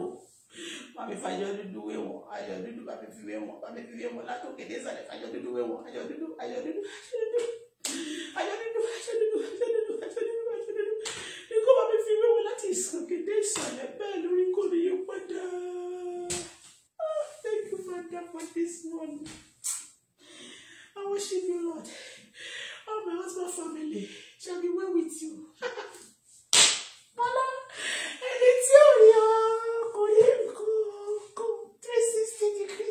bàbí fàyọ dúdú wé wọn ayọ̀ dúdú bàbí fi wé wọn bàbí fi wé wọn látòkè dé sàlẹ̀ fàyọ dúdú wé wọn ayọ̀ dúdú ayọ̀ dúdú ayọ̀ dúdú ayọ̀ dúdú ayọ̀ dúdú ayọ̀ dúdú ayọ̀ dúdú ikú bàbí fi wé wọn láti ìsànkè dé ìsàlẹ̀ bẹ́ẹ̀ lórí kò ní yí padà ah! thank you madam for this one I worship you Lord. Oh my husband family shall be well with you. Bọ́lá ẹni tí ò rí ọ kò rí nǹkan kan three sixty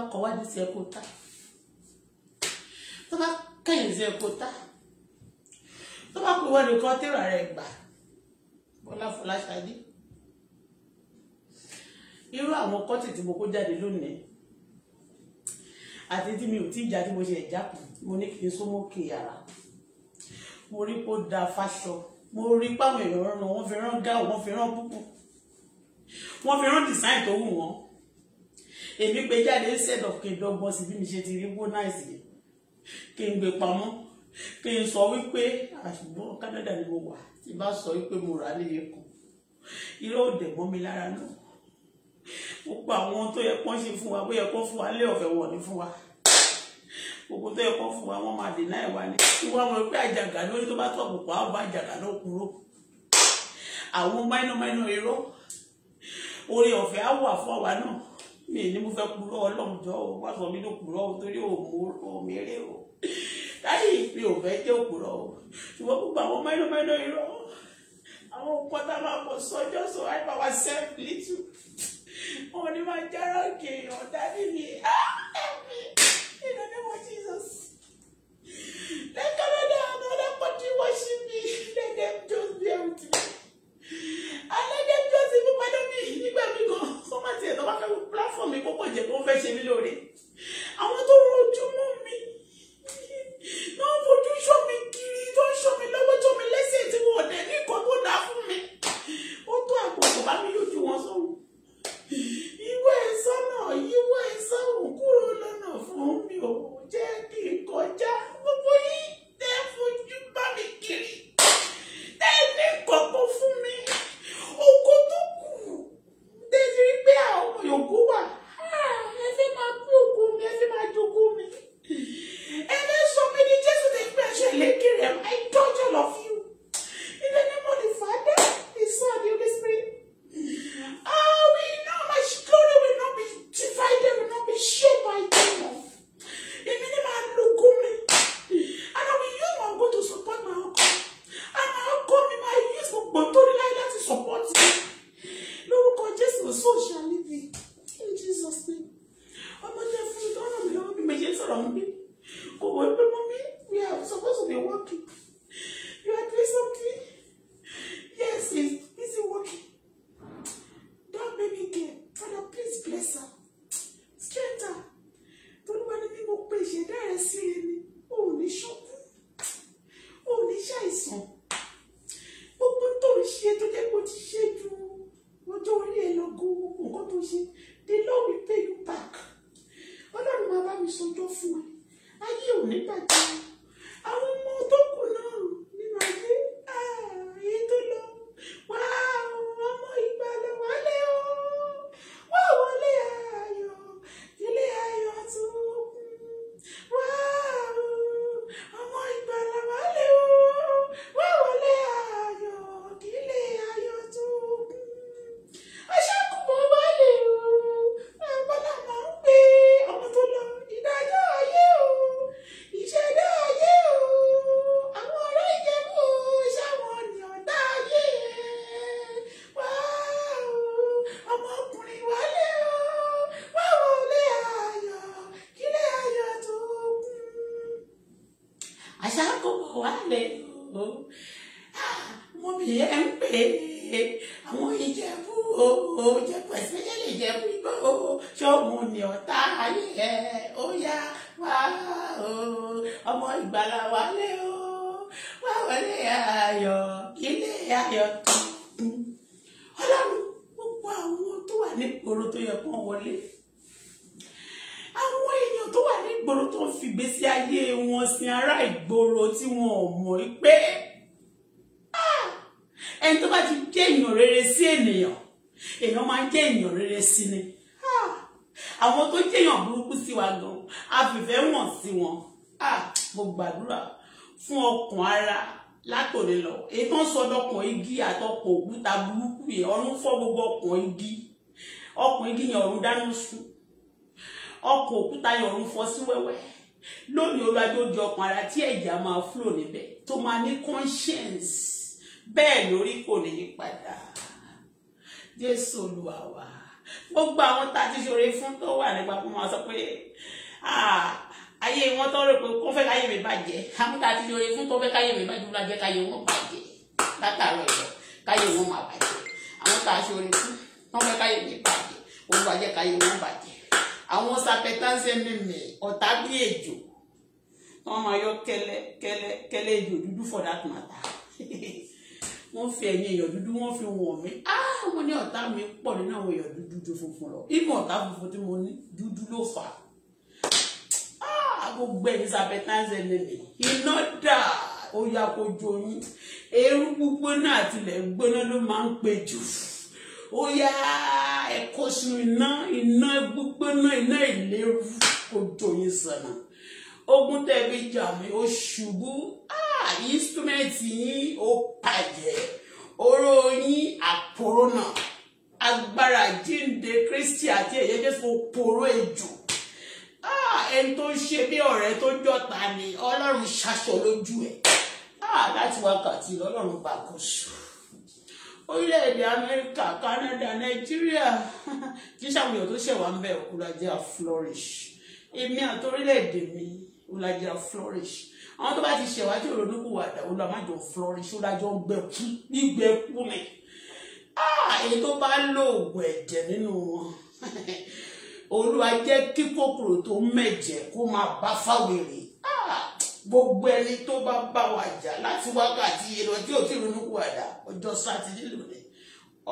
bá kọ wájú sí ẹkọ tá tó bá kẹyìn sí ẹkọ tá tó bá pè wọ́n nìkan tẹ́rọ rẹ̀ gbà Bọ́lá Fọláṣadé irú àwọn kọ́tì tí mo kó jáde lónìí àti tí mi ò tí ìjà tí mo ṣe ẹ̀já kù mo ní kí n só mókè yàrá mo rí pé da fáṣọ mo rí páwọn èèyàn rán wọn fi rán gáwọ wọn fi rán púpù wọn fi rán design tó wù wọn èmi gbé jáde instead of kí n dọ́gbọ́n sí bí mi ṣe ti rí wó náìsì yẹn kí n gbé pamọ́ kí n sọ wípé àṣùgbọ́n Canada ni mo wà tí bá sọ wípé mo rà léyìn kan irọ́ ò dẹ̀ mọ́ mi lára náà gbogbo àwọn tó yẹ kán ṣe fún wa bóyá kán fún wa lé ọ̀fẹ́ wọ̀ ní fún wa gbogbo tó yẹ kán fún wa wọ́n máa dènà ìwà ni ìwà wọn pé àjàgà lórí tó bá tọ̀pọ̀pọ̀ àwọn bá àjàgà náà kúrò àwọn máínú máínú irọ́ oore ọ̀fẹ́ á wà fún àwa náà mi ní mo fẹ́ purọ́ ọlọ́run jọ o wá sọ mi ló purọ́ o torí o mú o mi rí o láyé mi ò fẹ́ jẹ́ òpùrọ́ o ṣùgbọ́n gbogbo àwọn mẹ́lọ́mẹ́lọ́ irọ́ àwọn pọ́tà máa pọ̀ sọ́jọ́ sọ wáyé bá wa sẹ́ẹ̀f lítù wọn ni máa jára òkè ọ̀dà níbi in the name of Jesus lẹ́kọ̀ọ́ lọ́dọ̀ àwọn ọlọ́pàá tí wọ́n ṣí mi lẹ́dẹ̀ẹ́ just be empty alẹ́jẹ́ dúró sí mi pẹ́ lómi nígbà mi gan sọ́mà tiẹ̀ tó bá fẹ́ wo platform mi kókò jẹ́ kó fẹ́ ṣe mí lóore àwọn tó rojú mọ́ mi náà fojú ṣọ́ mi kiri tó ń ṣọ́ mi lọ́wọ́ ṣọ́ mi lẹ́sẹ̀ tí wọ́n dẹ̀ ní nǹkan tó dáa fún mi ó tó àpò kò bá mi lójú wọn sọ̀rọ̀ ìwé sọ́nà ìwé sọ́run kúrò lọ́nà fún mi ò jẹ́ kí n kọjá gbogbo yìí tẹ́ fojú bá mi kiri tẹ́ oko tó kù débi pé àwọn ọmọ yòókù wà ah, ẹ fẹ́ máa bí ògùn mi ẹ fẹ́ máa jogún mi I dodge all of you in the name the Father, the Son, the Holy Spirit. Ah, we know my glory will not be divided, will not be shared by demon. Èmi ni màá lógún mi. And I will go to support my uncle. And my uncle máa yí gbogbo tó ní láyé láti sọ̀pọ́tì lórúkọ jésù sóò ṣe àníbi in jesus name ọmọ jẹ́ fún mi lọ́rọ̀ mi lọ́wọ́ bí mo ṣe ń we are supposed to be working you are doing something yes it's busy working. máa flow níbẹ̀ tó máa ní conscience bẹ́ẹ̀ lórí kò ní yí padà jésù olúwa wa gbogbo àwọn tá a ti ṣoore fún tó wà nípa kó máa sọ pé ayé wọn tó rò pé kó fẹ́ káyé mi bàjẹ́ àwọn tá a ti ṣoore fún tó fẹ́ káyé mi bàjẹ́ wọ́n jẹ́ káyé wọn bàjẹ́ látàrọ ẹ̀rọ káyé wọn máa bàjẹ́ àwọn tá a ṣoore fún tó fẹ́ káyé mi bàjẹ́ olúwa jẹ́ káyé wọn bàjẹ́ àwọn sapẹ́tánṣẹ́ mímì ọ̀tá bí èjò wọ́n máa yọ kẹ́lẹ́ kẹ́lẹ́ kẹ́lẹ́ èyí òdúdú for that matter wọ́n fi ẹ̀yìn èèyàn dúdú wọ́n fi wọ̀n mí wọ́n ah, ní ọ̀tá mi pọ̀ nínú àwọn èèyàn dúdú ju funfun lọ ìmọ̀ ọ̀tá funfun tí mo ní dúdú ló fà á gbogbo ẹ̀yìn sàbẹ̀tánzẹ̀ lẹ́nu iná dà ó yá kó jó yín eérú gbígbóná àtìlẹ̀ gbóná ló máa ń pè jù ó yá ẹ̀kọ́ sínú iná iná gbígbóná iná ìléru kó jó yín sànà ogun tẹ́ fi jà mí ó ṣubú ah, instrumenti yín ó bàjẹ́ oró yín àpòrò náà agbára jíǹde kristi àti ẹ̀yẹ jésù pòrò èjò ah, ẹni tó ń ṣe bí ọ̀rẹ́ tó jọ̀ta ni ọlọ́run ṣaṣọ lójú ẹ̀ ah, láti wákàtí lọ́lọ́run gbàkóso orílẹ̀-èdè amẹ́ríkà canada nàìjíríà kí sàmúyọ̀ tó ṣẹ̀wá ń bẹ̀ kúrajá flourish èmi àti orílẹ̀-èdè mi olùdájọ́ flourish àwọn tó bá ti ṣẹ̀wá tí òrònú kò wà dà olùdájọ́ flourish olùdájọ́ gbẹ̀kú nígbẹ̀kú mi ah, èyí tó bá lòògùn ẹ̀jẹ̀ nínú wọn olúwa jẹ́ kí kòkòrò tó mẹ̀jẹ̀ kó máa bá fáwèrè ah, gbogbo ẹni tó bá bá wa jà láti wákàtí yìí lọ tí ò tí ronú kú àdá ọjọ́ sátidé lónìí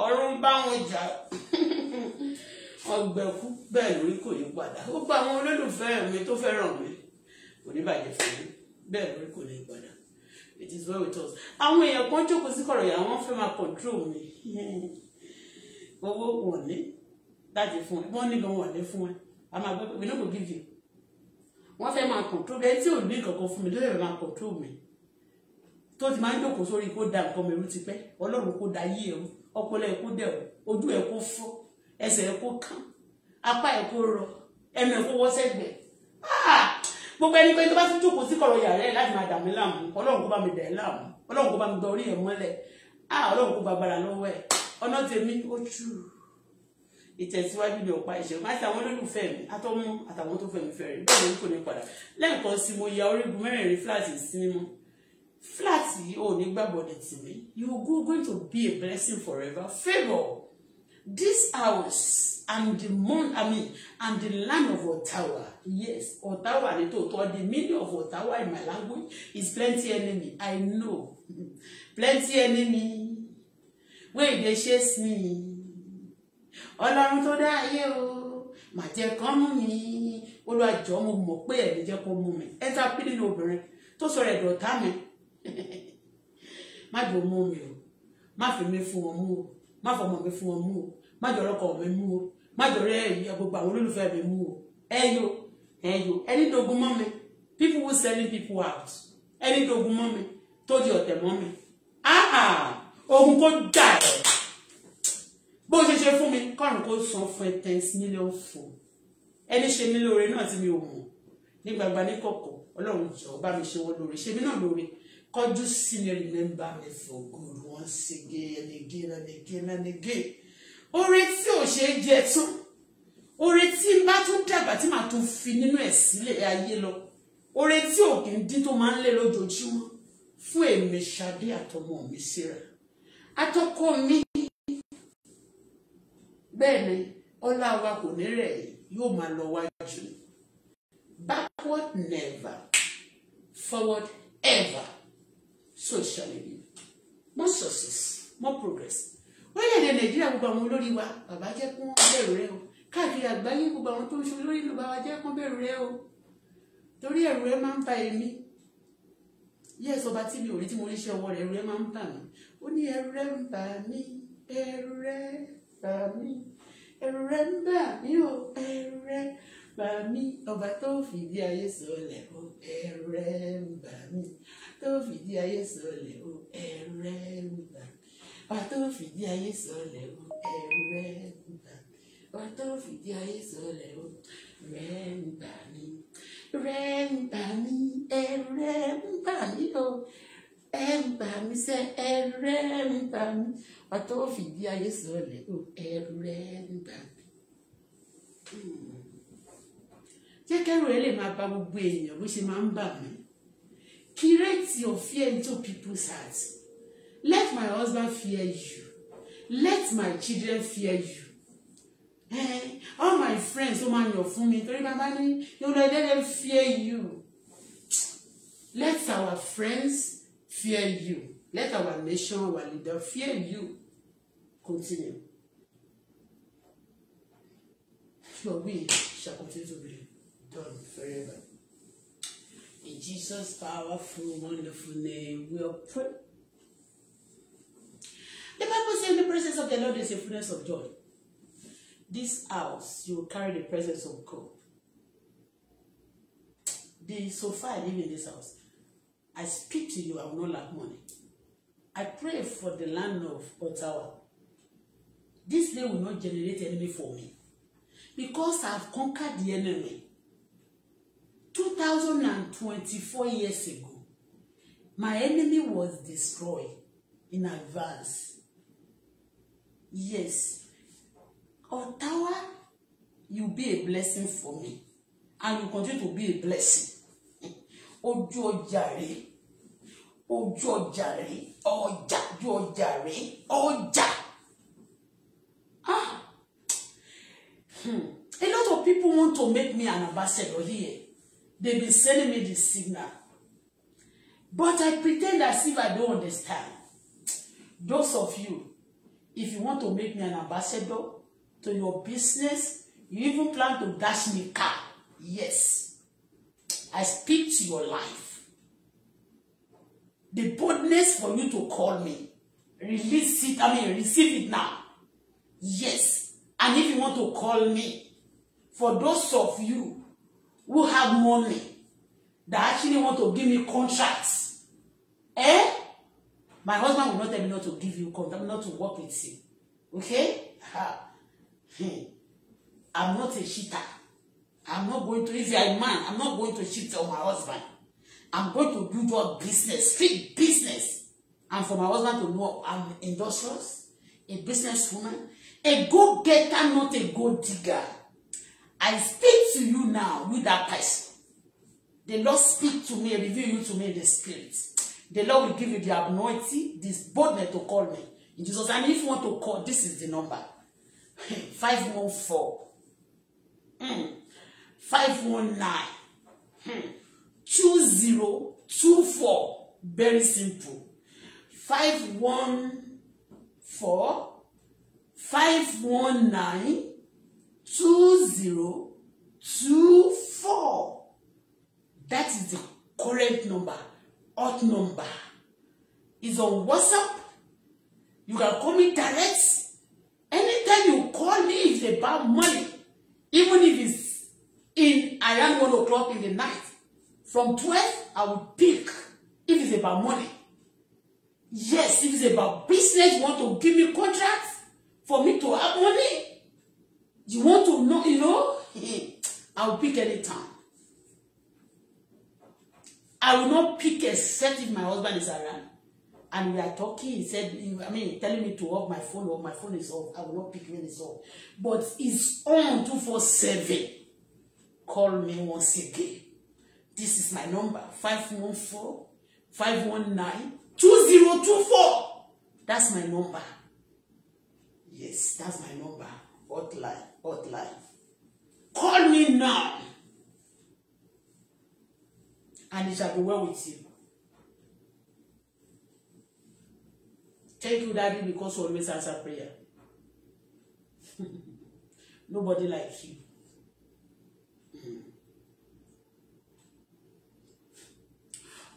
ọ̀run bá wọn jà ọgbẹ́kú bẹ́ẹ̀ lórí kò ní padà ó gba àwọn olólùfẹ́ mi tó fẹ́ràn mi kò ní bàjẹ́ fún yín bẹ́ẹ̀ lórí kò ní padà it is well with us àwọn èèyàn kan jókòó sí kọ̀rọ̀ yà wọ́n fẹ́ máa control mi owó wọ̀n ní láti fún ẹ wọ́n ní gan wọ̀n ní fún ẹ a máa gbọ́ pé we no go give you wọ́n fẹ́ máa control mi ẹ tí ò ní kankan fún mi ló fẹ́ máa control mi tó ti máa ń jókòó sórí kó da nǹkan mẹ́rú ti pẹ́ ọlọ́run kó da yí ẹ̀rú ọpọlọ ẹ̀ kó dẹ̀ ojú ẹ̀ kó fọ́ ẹsẹ̀ ẹ̀ kó kán apá ẹ̀ kó rọ ẹnu ẹ̀ kó wọ́ sẹ́gbẹ̀ẹ́ ah! gbogbo ẹni pé tó bá tún jókòó sí kọ̀rọ̀ yàrá ẹ̀ láti máa dà mí láàmú ọlọ́run kó bá mi dà ẹ́ láàmú ọlọ́run kó bá mi gba orí ẹ̀ mọ́lẹ̀ á ọlọ́run kó gbàgbára lọ́wọ́ ẹ̀ ọ̀nà tèmi ó tú ìtẹ̀síwájú ni ọ̀pá ìṣẹ̀lẹ̀ máa ti àwọn olólùfẹ́ mi atọ́mú àtàwọn tó fẹ̀mí fẹ̀rẹ̀ bẹ́ẹ̀ ni kò ní padà lẹ́ẹ̀kan sí mo ya orígun mẹ́rẹ̀ẹ̀rin fúláàtì sí mímú fúláàtì yìí ò ní gbàgbọ́ ní tìmí you go going to be a blessing forever favour This house and the moon, I mean, and the land of Ottawa. Yes, Ottawa, the total, the meaning of Ottawa in my language is plenty enemy. I know. Plenty enemy. Where they chase me. Ọlọ́run tó dá ayé o, màá jẹ́ kán mú mi. Olúwa mo mọ̀ pé ẹ̀mí jẹ́ kó mú mi. Ẹ ta pílí ní obìnrin tó sọ̀rọ̀ ẹ̀dọ̀ tá mi. Má jò mú mi o, má fi mi fún wọn mú o má fọmọ mi fún wọn mú o má jọrọ ọkọ mi mú o má jọrọ ẹyìn gbogbo àwọn olólùfẹ́ mi mú o ẹyọ ẹyọ ẹni dogun mi people who selling people out ẹni dogun mọ́ mi tó di ọ̀tẹ̀ mọ́ mi ogun kó jà ẹ bó ṣe ṣe fún mi kọrùn kó san fún ẹ ten million fún ẹni ṣe mí lóore náà tí mi ò mọ̀ ní gbangba ní kọ̀kọ̀ Ọlọ́run jọ bá mi ṣe wọn lóore ṣe mí náà lóore God just simply remember me for good once again and again and again and again. Oore tí ò ṣe é jẹ tán. Oore tí n bá tún dàgbà tí màá tún fi nínú ẹ̀ sílẹ̀ ayé lọ. Oore tí ò kì í dín tó máa ń lé lójoojúmọ́ fún èmi Ṣadé àtọmọ mi síra. Atọ́kọ mi bẹ́ẹ̀ ni ọlá wa kò ní rẹ̀ yóò máa lọ wájú. Backward never, forward ever so more success more progress wọ́n yẹ̀dẹ̀ nàìjíríà gbogbo àwọn olórí wa bàbá jẹ́ kún bẹ̀rù rẹ o káàkiri àgbáyé gbogbo àwọn tó ń ṣe olórí ìlú bàbá jẹ́ kún bẹ̀rù rẹ o torí ẹ̀rù rẹ máa ń ba èmi yẹ́s ọba tí mi ò rí tí mo rí ṣe ọwọ́ rẹ̀ ẹ̀rù rẹ máa ń bà mí ó ní ẹ̀rù rẹ ń bà mí ẹ̀rù rẹ bà mí ẹ̀rù rẹ ń bà mí o ẹ̀rù rẹ bà mí ọba tó fìdí ayé sọlẹ̀ o ẹ̀rù rẹ ń bà mí tó fìdí ayé sọlẹ̀ o ẹ̀rẹ́ gbà wà tó fìdí ayé sọlẹ̀ o ẹ̀rẹ́ gbà wà tó fìdí ayé sọlẹ̀ o rẹ̀ mi, gbà mi, rẹ̀ ń ẹ̀rẹ́ ń gbà o ẹ mi gbà mí sẹ́ ẹ̀rẹ́ ń gbà wà tó fìdí ayé sọlẹ̀ o ẹ̀rẹ́ ń gbà mí hmm. jẹ́ kẹ́rù ẹ lè máa bà gbogbo èèyàn bó ṣe máa ń bà mí. Create your fear into people's hearts. Let my husband fear you. Let my children fear you. Eh, all my friends oh man, yàn fún mi torí bàbá ní let them fear you. Let our friends fear you. Let our nation, our leader fear you. Continue. Your will shall continue to be done forever. In Jesus' powerful, wonderful name, we are praying. The Bible says the presence of the Lord is a fullness of joy. This house, you will carry the presence of God. The sofa I live in this house, I speak to you, I will not lack money. I pray for the land of Ottawa. This day will not generate enemy for me because I have conquered the enemy. 2024 years ago, my enemy was destroyed in advance. Yes. Ottawa, you be a blessing for me. And you continue to be a blessing. Ojú ọjà rẹ̀. Ojú Oja. rẹ̀. Ọjà ojú Ah. Hmm. A lot of people want to make me an ambassador here they be sending me this signal but I pretend as if I don't understand those of you if you want to make me an ambassador to your business you even plan to dash me car yes I speak to your life the boldness for you to call me release it I mean receive it now yes and if you want to call me for those of you who have money that actually want to give me contracts eh my husband will not tell me not to give you contract not to work with him okay i'm not a cheater i'm not going to if you're a man i'm not going to cheat on my husband i'm going to do your business street business and for my husband to know i'm industrious a businesswoman a go-getter not a go-digger I speak to you now with that person. The Lord speak to me, reveal you to me in the spirit. The Lord will give you the anointing, this boldness to call me. In Jesus, and if you want to call, this is the number. 514. Mm. 519. Mm. 2024. Very simple. 514. 519 two zero two four that is the current number odd number is on WhatsApp you can call me direct anytime you call me if it's about money even if it's in around one o'clock in the night from twelve I will pick if it's about money yes if it's about business you want to give me contract for me to have money You want to know, you know, I'll pick any time. I will not pick except if my husband is around. And we are talking, he said, I mean, telling me to off my phone, or my phone is off. I will not pick when it's off. But it's on 247. Call me once again. This is my number, 514-519-2024. That's my number. Yes, that's my number hotline hotline call me now and it shall be well with you thank you daddy because you always answer prayer nobody like you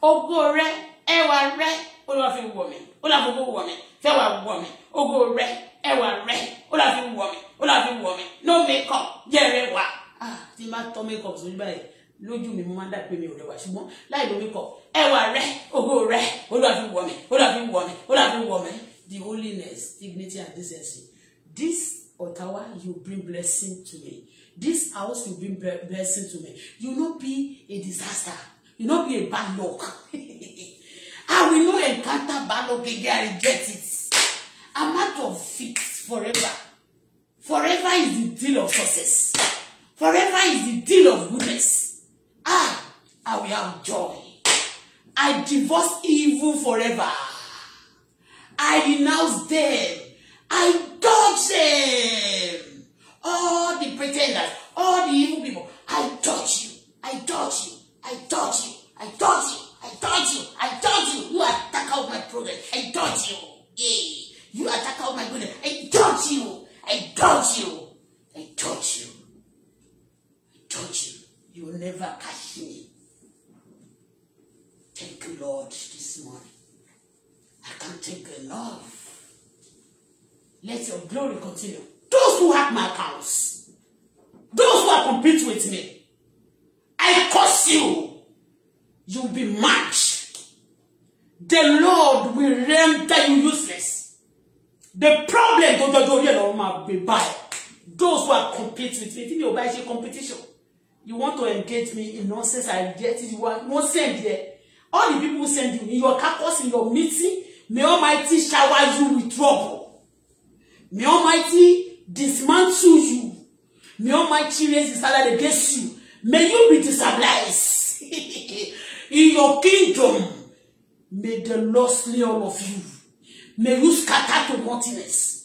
Ogo re ewa re olúwa fi wọ̀ mí olúwa fi wọ̀ mí fẹ́ wà ń dà pé mi ò rẹwà ṣùgbọ́n láì lómi kọ ẹwà rẹ ògo rẹ Olúwa fi wọ̀ mí Olúwa fi wọ̀ mí Olúwa fi wọ̀ mí the holiness dignity and decency this Ottawa you bring blessing to me this house you bring blessing to me you no be a disaster you no be a bad luck I will no encounter bad luck again I reject it I'm out of fix forever forever is the deal of success forever is the deal of goodness. Ah, I will have joy. I divorce evil forever. I renounce them. I dodge them. All the pretenders, all the evil people, I dodge you. I dodge you. I dodge you. I dodge you. I dodge you. I dodge you. You attack out my progress. I dodge you. Yeah. You attack out my goodness. I dodge you. I dodge you. I dodge you. I dodge you. you never catch me. Thank you, Lord, this morning. I can't take enough. Let your glory continue. Those who have my cows, those who are compete with me, I curse you. You'll be matched. The Lord will render you useless. The problem, don't be by. those who are compete with me, think you'll buy competition you want to engage me in nonsense i reject it you are nonsense there all the people who send you in your caucus in your meeting may almighty shower you with trouble may almighty dismantle you may almighty raise the salary against you may you be destabilized in your kingdom may the Lord slay all of you may you scatter to multiness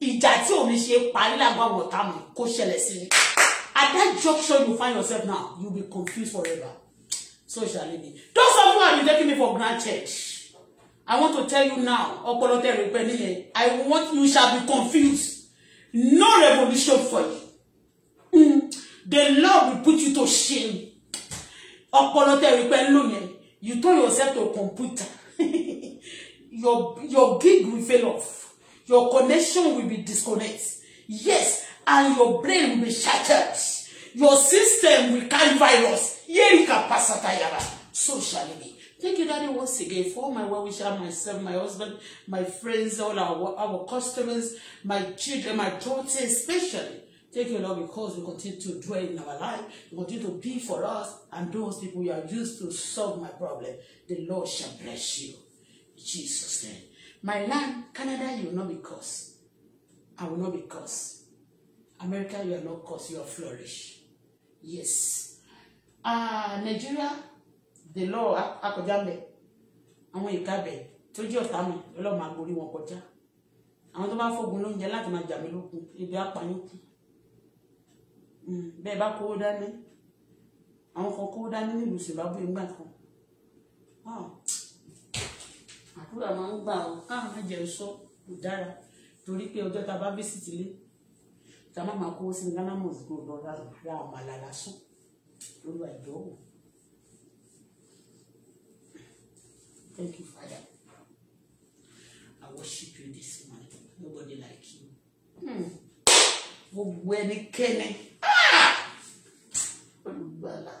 ìjà tí òun ṣe parí lágbàwọ̀ tá mi ṣẹlẹ̀ sí i. At that junction you find yourself now, you'll be confused forever. So shall it be. Those of you are taking me for granted. I want to tell you now, Opolote Repenile, I want you shall be confused. No revolution for you. Mm. The law will put you to shame. Opolote Repenile, you turn yourself to computer. your, your gig will fail off. Your connection will be disconnect. Yes, and your brain will be shattered. Your system will carry virus. So shall it be. Thank you, Daddy, once again for all my well wisher, myself, my husband, my friends, all our, our customers, my children, my daughter, especially. Thank you, Lord, because you continue to dwell in our life. You continue to be for us and those people you are used to solve my problem. The Lord shall bless you. In Jesus' name. My land, Canada, you will not be cursed. I will not be cursed. America, you are not cause you are flourish. Yes. Uh, Nigeria, the law akọjá mbẹ àwọn ìka bẹ tó jẹ́ ọ̀tá mi Ọlọ́run máa gborí wọn kọjá àwọn tó bá fógun lóúnjẹ láti máa jà mí lókun ibi apààyàn kù hmm, bẹ́ẹ̀ bá kówó dání àwọn kan kówó dání nílùú Zimbabwe ńgbà kan àdúrà máa ń gbà ọ káwọn máa jẹun sọ kò dára torí pé ọjọ́ tá a bá bí sí ti lé tá a má kówó sí ghana mosque kò lọ ra àmàlà lásán lórí àjọwò thank you father i worship you this morning nobody like you hmm. gbogbo ẹnikẹ́ni ah! olùgbàlà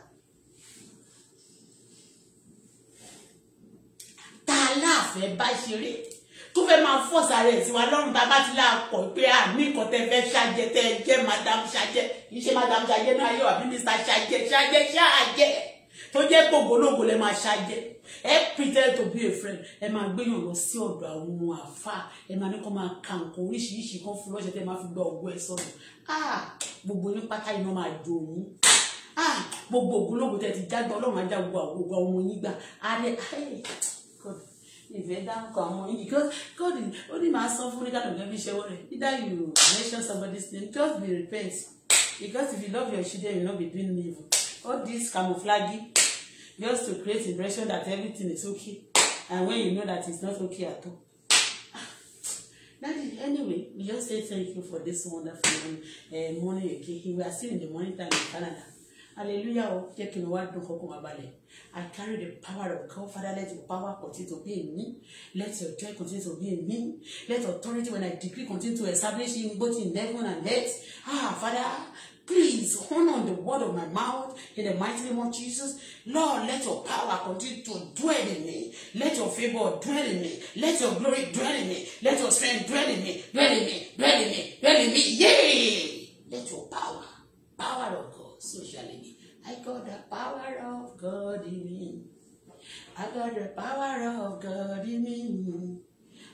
tá a láàfẹ́ bá ṣeré tó fẹ́ máa fọ́ọ̀sì ara sí wa lọ́rùn tá a bá ti lá pọ̀ pé a ní nǹkan tẹ fẹ́ ṣàjẹ tẹ jẹ́ madam ṣàjẹ kì í ṣe madam ṣàjẹ náà yóò àbí mr ṣàjẹ ṣàjẹ ṣàjẹ tó jẹ́ gbogbológo lẹ máa ṣàjẹ ẹ pretend to be a friend ẹ máa gbéyàn lọ sí ọ̀dọ̀ àwọn ohun àfa ẹ máa ní kó máa ka nǹkan oríṣiríṣi kan fún lọ́sẹ̀ tẹ máa fi gba ọgbọ́n ẹ sọ̀rọ̀ ah gbogbo ní pátá iná máa jó òun ah gbogbo ògúnlógún tẹ ti jágbọ́ ọlọ́run ajá gbogbo àwọn ọmọ yín gbà á rẹ ìfẹ́ dárúkọ àwọn yìí because God ó ní máa sọ fún oníkàtà nǹkan bí ìṣẹ́wó rẹ̀ either you mention somebody's name just be repent because if you love your children you no be doing evil all this camouflaging just to create impression that everything is okay and when you know that it's not okay at all. Daddy, anyway, we just say thank you for this wonderful morning, uh, eh, morning again. We are still in the morning time in Canada hallelujah o jẹ́ kí n wá dùn kọ́kọ́ wá balẹ̀ i carry the power of God father let your power continue to be in me let your joy continue to be in me let authority when i decree continue to establish in both in heaven and earth ah father Please honor the word of my mouth in the mighty name of Jesus. Lord, let your power continue to dwell in me. Let your favor dwell in me. Let your glory dwell in me. Let your strength dwell in me. Dwell in me. Dwell in me. Dwell in me. Yay! Let your power, power of socially. I got the power of God in me. I got the power of God in me.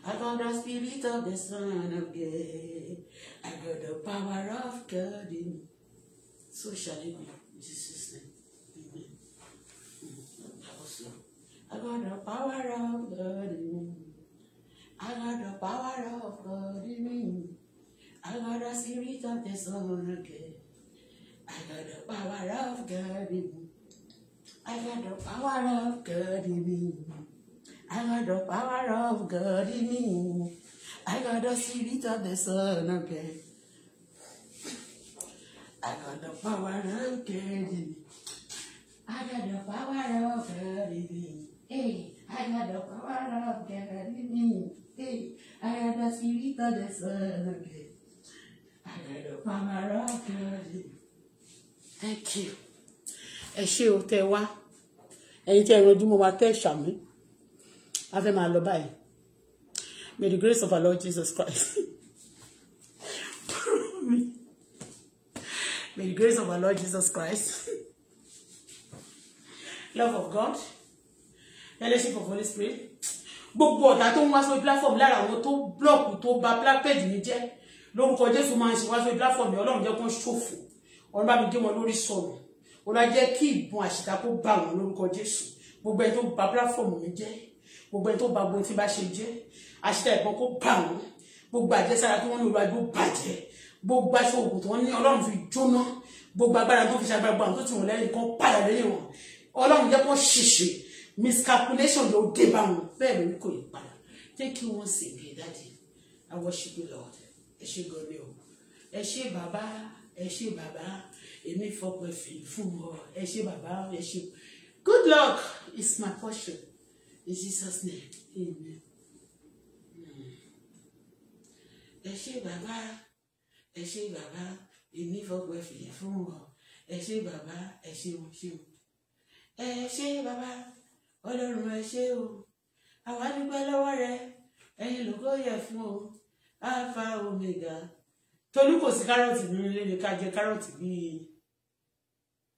I got the spirit of the Son of God. I got the power of God in me. So shall it be. Jesus' name. Amen. Mm-hmm. I got the power of God in me. I got the power of God in me. I got the spirit of the Son of God the power of God in me. I got the power of God in me. I got the power of God in me. I got the spirit of the Son of God. I got the power of God in me. I got the power of God in me. Hey, I got the power of God in me. Hey, I got the spirit of the Son of God. I got the power of God in me. thank you ẹ ṣé o tẹ wá ẹ̀yin tí ẹ rojú mo máa tẹ ṣàmì a fẹ́ máa lọ báyìí may the grace of our lord jesus christ may the grace of our lord jesus christ love of god fellowship of holy spirit gbogbo ọ̀tá tó ń wá sórí platform lára àwọn tó blọọkù tó bà page mi jẹ́ lórúkọ jésù máa ń ṣe wá sórí platform yẹn ọlọ́run jẹ́ kó ṣòfò ọ̀run bá mi gé wọn lórí sọ̀rọ̀ ọ̀run á jẹ́ kí ìbọn àṣìta kó bá wọn lórúkọ jésù gbogbo ẹni tó ba pílàfọ̀mù mi jẹ́ gbogbo ẹni tó bà gbogbo tí bá ṣe jẹ́ àṣìta ìbọn kó bá wọn gbogbo àjẹsára tí wọ́n ní olùwàjú bàjẹ́ gbogbo aṣọ òògùn tí wọ́n ní ọlọ́run fi jóná gbogbo agbára tó fi ṣàgbára gbogbo àwọn tó ti wọ̀n lẹ́yìn kan padà lẹ́yìn wọn ọlọ́run jẹ́ kó ṣèṣe miscalculation ló dé bá wọn bẹ́ẹ̀ lórí kò yí padà take you once again daddy i worship you lord ẹ ṣé gan ni o ẹ ṣé bàbá ẹ ṣé bàbá èmi fọpọ ẹfì fún ọ ẹ ṣé bàbá ẹ good luck is my portion in Jesus name amen ẹ ṣé bàbá ẹ ṣé bàbá èmi fọpọ ẹfì fún ọ ẹ bàbá ẹ o ṣé o ẹ ṣé bàbá Ọlọ́run ẹ o àwa dúpẹ́ lọ́wọ́ rẹ ẹ̀yin lóko yẹ fún o alpha omega tolú kò sí kárọ̀tì nínú ilé ni ká jẹ kárọ̀tì bíi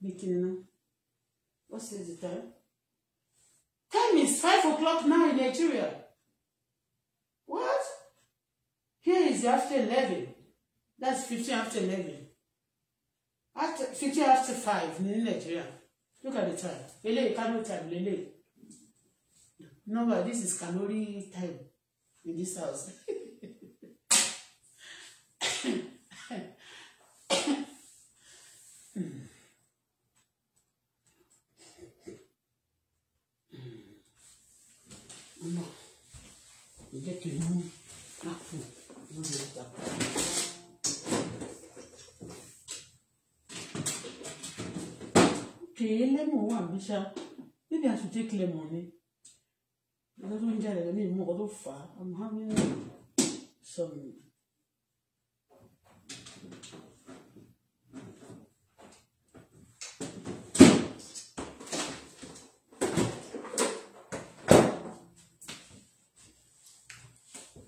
bí kiri náà what's the time time is five o'clock now in Nigeria what here is after eleven that's fifteen after eleven after fifteen after five in Nigeria look at the time eléyìí kano time lélẹ̀ no but this is Kanuri time in this house. ọmọ hm. ìjẹ kí n mú àpò lórí ìta. kèé lẹ́mọ̀ wà I should take lemon ni ìjọba tó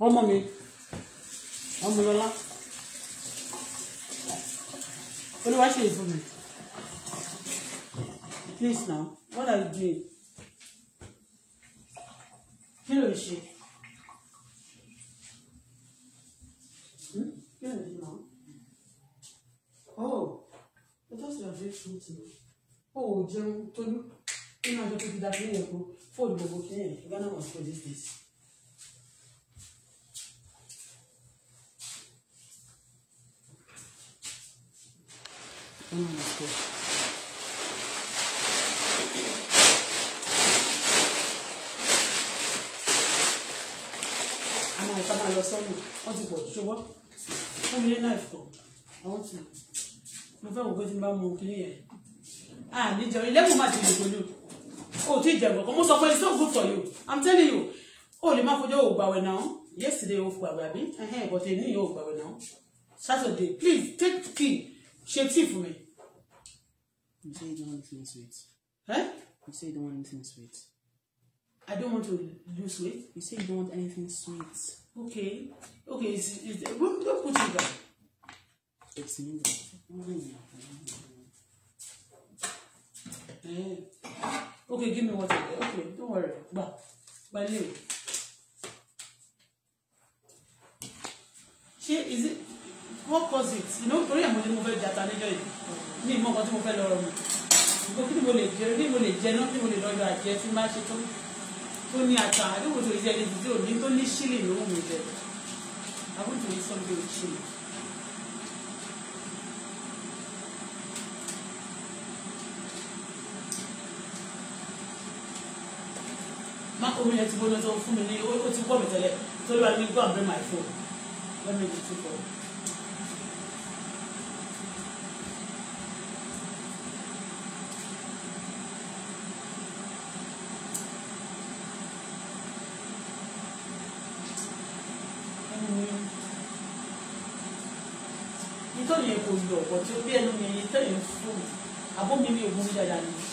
ọmọ mi ọmọlọlá olúwa ṣe ìfún mi please now what are you doing kí ló ń ṣe. Hmm? Oh, Jim, oh, Tolu, you know, I don't think that you know, for the book, you know, I don't want for this. nínú ìfẹ́. àwọn ìta máa lọ sọ́nù wọ́n ti pọ̀ ṣùgbọ́n wọ́n mi lé náà ìfọ̀ àwọn ti mo fẹ́ wò pé tí mo bá mu kí nìyẹn à níjọ ilé mo máa ti lè pẹ̀lú o ò tí ì jẹ̀bọ̀ kan mo sọ it's not good for you i'm telling you o lè má fojọ́ òògbà wẹ̀ náà yesterday o gbàgbé àbí ẹ̀hẹ́n ìbọ̀tẹ̀ ní ìyẹn òògbà wẹ̀ náà saturday please take key ṣe tea fún mi. You say you don't want anything sweet. Huh? You say you don't want anything sweet. I don't want to lose weight. You say you don't want anything sweet. Okay. Okay. It's, it's, don't put sugar. It's me. Eh, okay, give me water. Okay, don't worry. But, but anyway. She, is it, what caused it? You know, Korean, I'm going to move it, that's an mi mọ nǹkan tí mo fẹ́ lọ rọrùn ìgbó kí ni mo lè jẹ kí ni mo lè jẹ náà kí ni mo lè lọ́jọ́ àjẹ tí má ṣe tó tó ní ata àdéhùn tó ìjẹ níbi tí ò ní tó ní ṣílì ló wù mí jẹ àbúrò tó ní sọ́ndé ò ṣílì. má omi yẹn ti gbóná tó fún mi ní ó ti gbọ́ mi tẹ́lẹ̀ tó lọ́ọ́ ní go and bring my phone let me do two for 个人。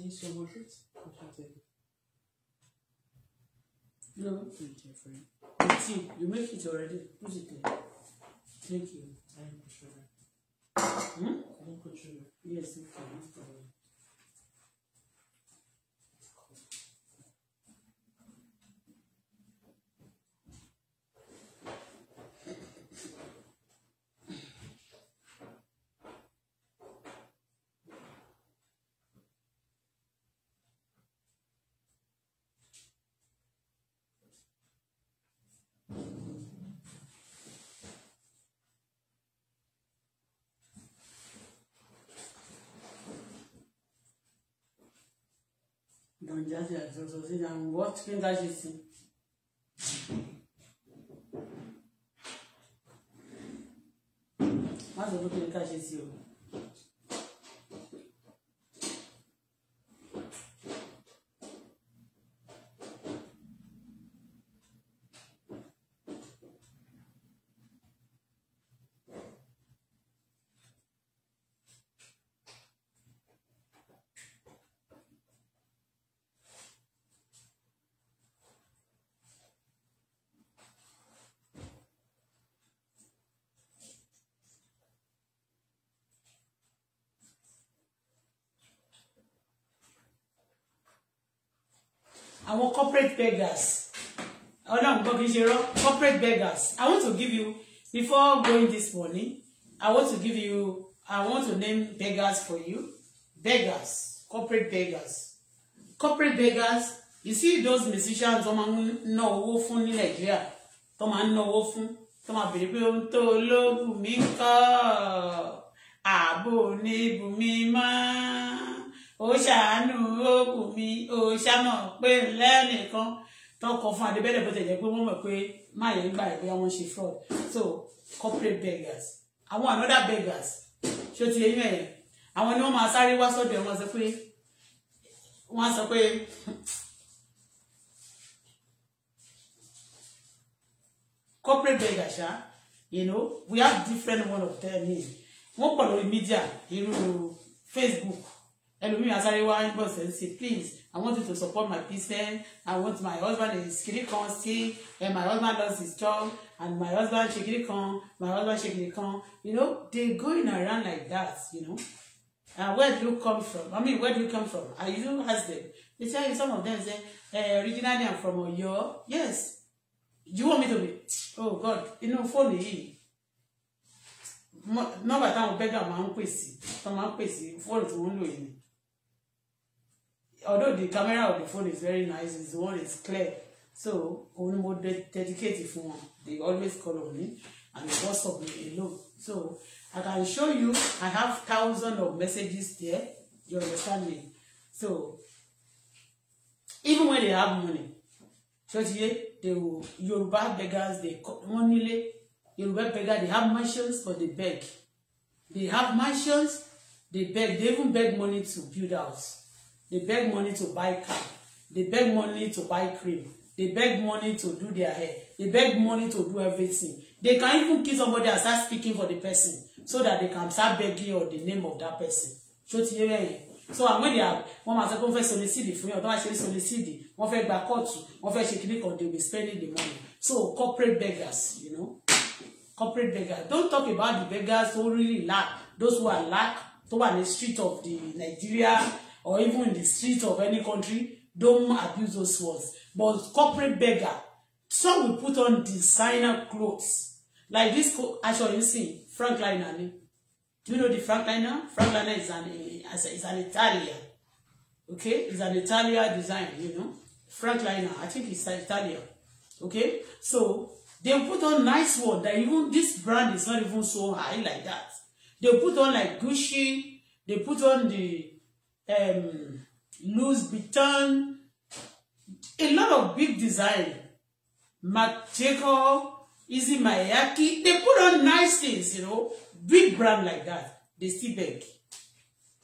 din sọmọ tó kò tó tẹ̀lé. No, thank you, friend. It's you. You make it already. Who's it there. Thank you. I am controller. Hmm? I am controller. Yes, you Don't judge yourself, so sit down. What finger she see? Má sọ fún kí n ká ṣe sí o. àwọn corporate beggars ọlọ́run gbọ́ kí n ṣe rọ́ corporate beggars I want to give you before going this morning I want to give you I want to name beggars for you beggars corporate beggars corporate beggars you see those musicians tó máa ń ná owó fún ní Nàìjíríà tó máa ń ná owó fún tó máa bèrè pé ohun tó olóògùn mi kọ́ ààbò ní ibùmí máa ó ṣàánú òkú mi ó ṣàmọ̀ pé lẹ́nìkan tọkọ fún adébẹ́lẹ̀ bó tẹ̀lé pé wọ́n mọ̀ pé máyẹ̀ ń gbà ẹ̀ bóyá wọ́n ṣe fraud so corporate beggars àwọn another beggars ṣó ti eyín ẹ̀yẹ àwọn ni wọ́n máa sáré wá sọ́dọ̀ ẹ̀ wọ́n sọ pé wọ́n sọ pé corporate beggars ṣá you know we have different one of them here wọ́n pọ̀ lórí media irú Facebook ẹlòmíì asáré wá ń bọ̀sẹ̀ ń please i want you to support my business i want my husband is kiri kan still and my husband lost his job and my husband ṣe kiri kan my husband ṣe kiri kan you know they going around like that you know and where do you come from i mean where do you come from Are you husband? they tell you some of them say eh, originally i'm from Ọ̀yọ́ yes you want me to be oh god inú fóònù yìí nọ́mbà táwọn bẹgà máa ń pèsè tó máa ń pèsè fóònù tó ń lò yìí although the camera of the phone is very nice it's the one is clear so only ni mo dedicate fún wọn they always call on me and because of me alone so I can show you I have thousands of messages there you understand me so even when they have money ṣọtiye they will Yoruba beggars they money nílé Yoruba beggar. they have mansions but they beg they have mansions they beg they even beg money to build house They beg money to buy car. They beg money to buy cream. They beg money to do their hair. They beg money to do everything. They can even kill somebody and start speaking for the person so that they can start begging on the name of that person. So ti yẹn so àwọn ènìyàn wọn máa sọ pé wọn fẹ́ solicidi fún yàn tó bá ṣe solicidi wọn fẹ́ gba kóòtù wọn fẹ́ ṣe kíní kan they will spend the money so corporate beggars you know corporate beggars don't talk about the beggars who really lack those who are lack tó wà ní street of the Nigeria or even in the streets of any country, don't abuse those words. But corporate beggar, some will put on designer clothes. Like this aṣọ you see, Frank Liner Do you know the Frank Liner? Frank Liner is an, is an Italian. Okay? Is an Italian design, you know? Frank Liner, I think it's Italian. Okay? So, they put on nice one that even this brand is not even so high like that. They put on like Gucci, they put on the um, Louis Vuitton, a lot of big design, Mark Jacob, Easy Mayaki, they put on nice things, you know, big brand like that, they still beg.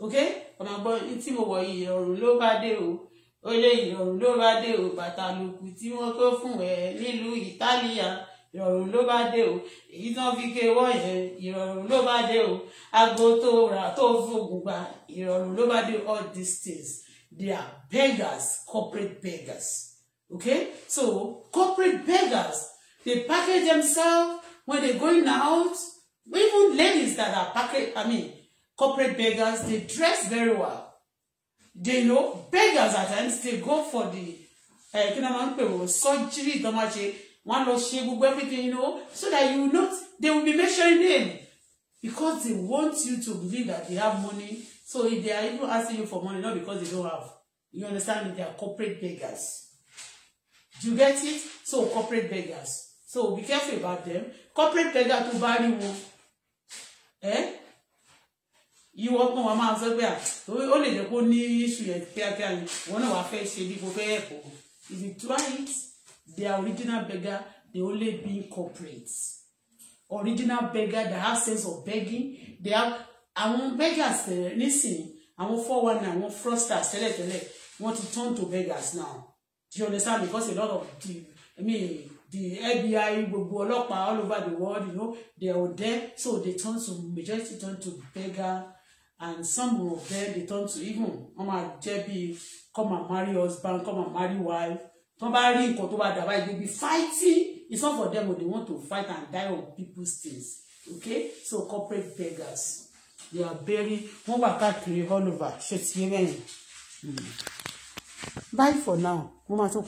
Okay? Ọmọ gbọ́n tí mo wọ̀ yìí ló bá dé o, ó lé ìrọ̀rùn ló bá dé o, bàtà lùkù tí wọ́n kó fún ẹ nílùú Ìtálíà ìrọ̀rùn ló bá dé o èyí tán fi ké wọ́ yẹn ìrọ̀rùn ló bá dé o aago tó rà tó fògùn gbà ìrọ̀rùn ló bá dé all these things they are beggars corporate beggars okay so corporate beggars they package themselves when they going out even ladies that are package i mean corporate beggars they dress very well they know beggars at times they go for the eh, kí ni a máa surgery tó wọ́n lọ ṣe gbogbo everything you know so that you not they will be measuring them because they want you to believe that they have money so if they are even asking you for money not because they don't have you understand me they are corporate beggars do you get it so corporate beggars so be careful about them corporate beggar tó bá rí eh? ẹ ìwọ ọgbọ́n wa máa sọ pé à ah, ó lè jẹ́ kó ní issue yẹn kíákíá ni wọn náà wàá fẹ́ ṣe bí kò fẹ́ ẹ̀kọ́ if you try it their original beggar they only be corporates original beggar that have sense of begging they have àwọn beggars tẹ́lẹ̀ nísìnyí àwọn four one nine àwọn frosters, tẹ́lẹ̀ tẹ́lẹ̀ wọ́n ti turn to beggars now do you understand because a lot of the i mean the FBI gbogbo ọlọ́pàá all over the world you know they are there so they turn to majority turn to beggar and some of them they turn to even wọ́n máa come and marry husband come and marry wife tó bá rí nǹkan tó bá dà báyìí they be fighting it's not for them o they want to fight and die on people's things okay so corporate beggars they are very wọ́n wà káàkiri all over ṣe ti yé hmm. bye for now wọ́n máa tún pa.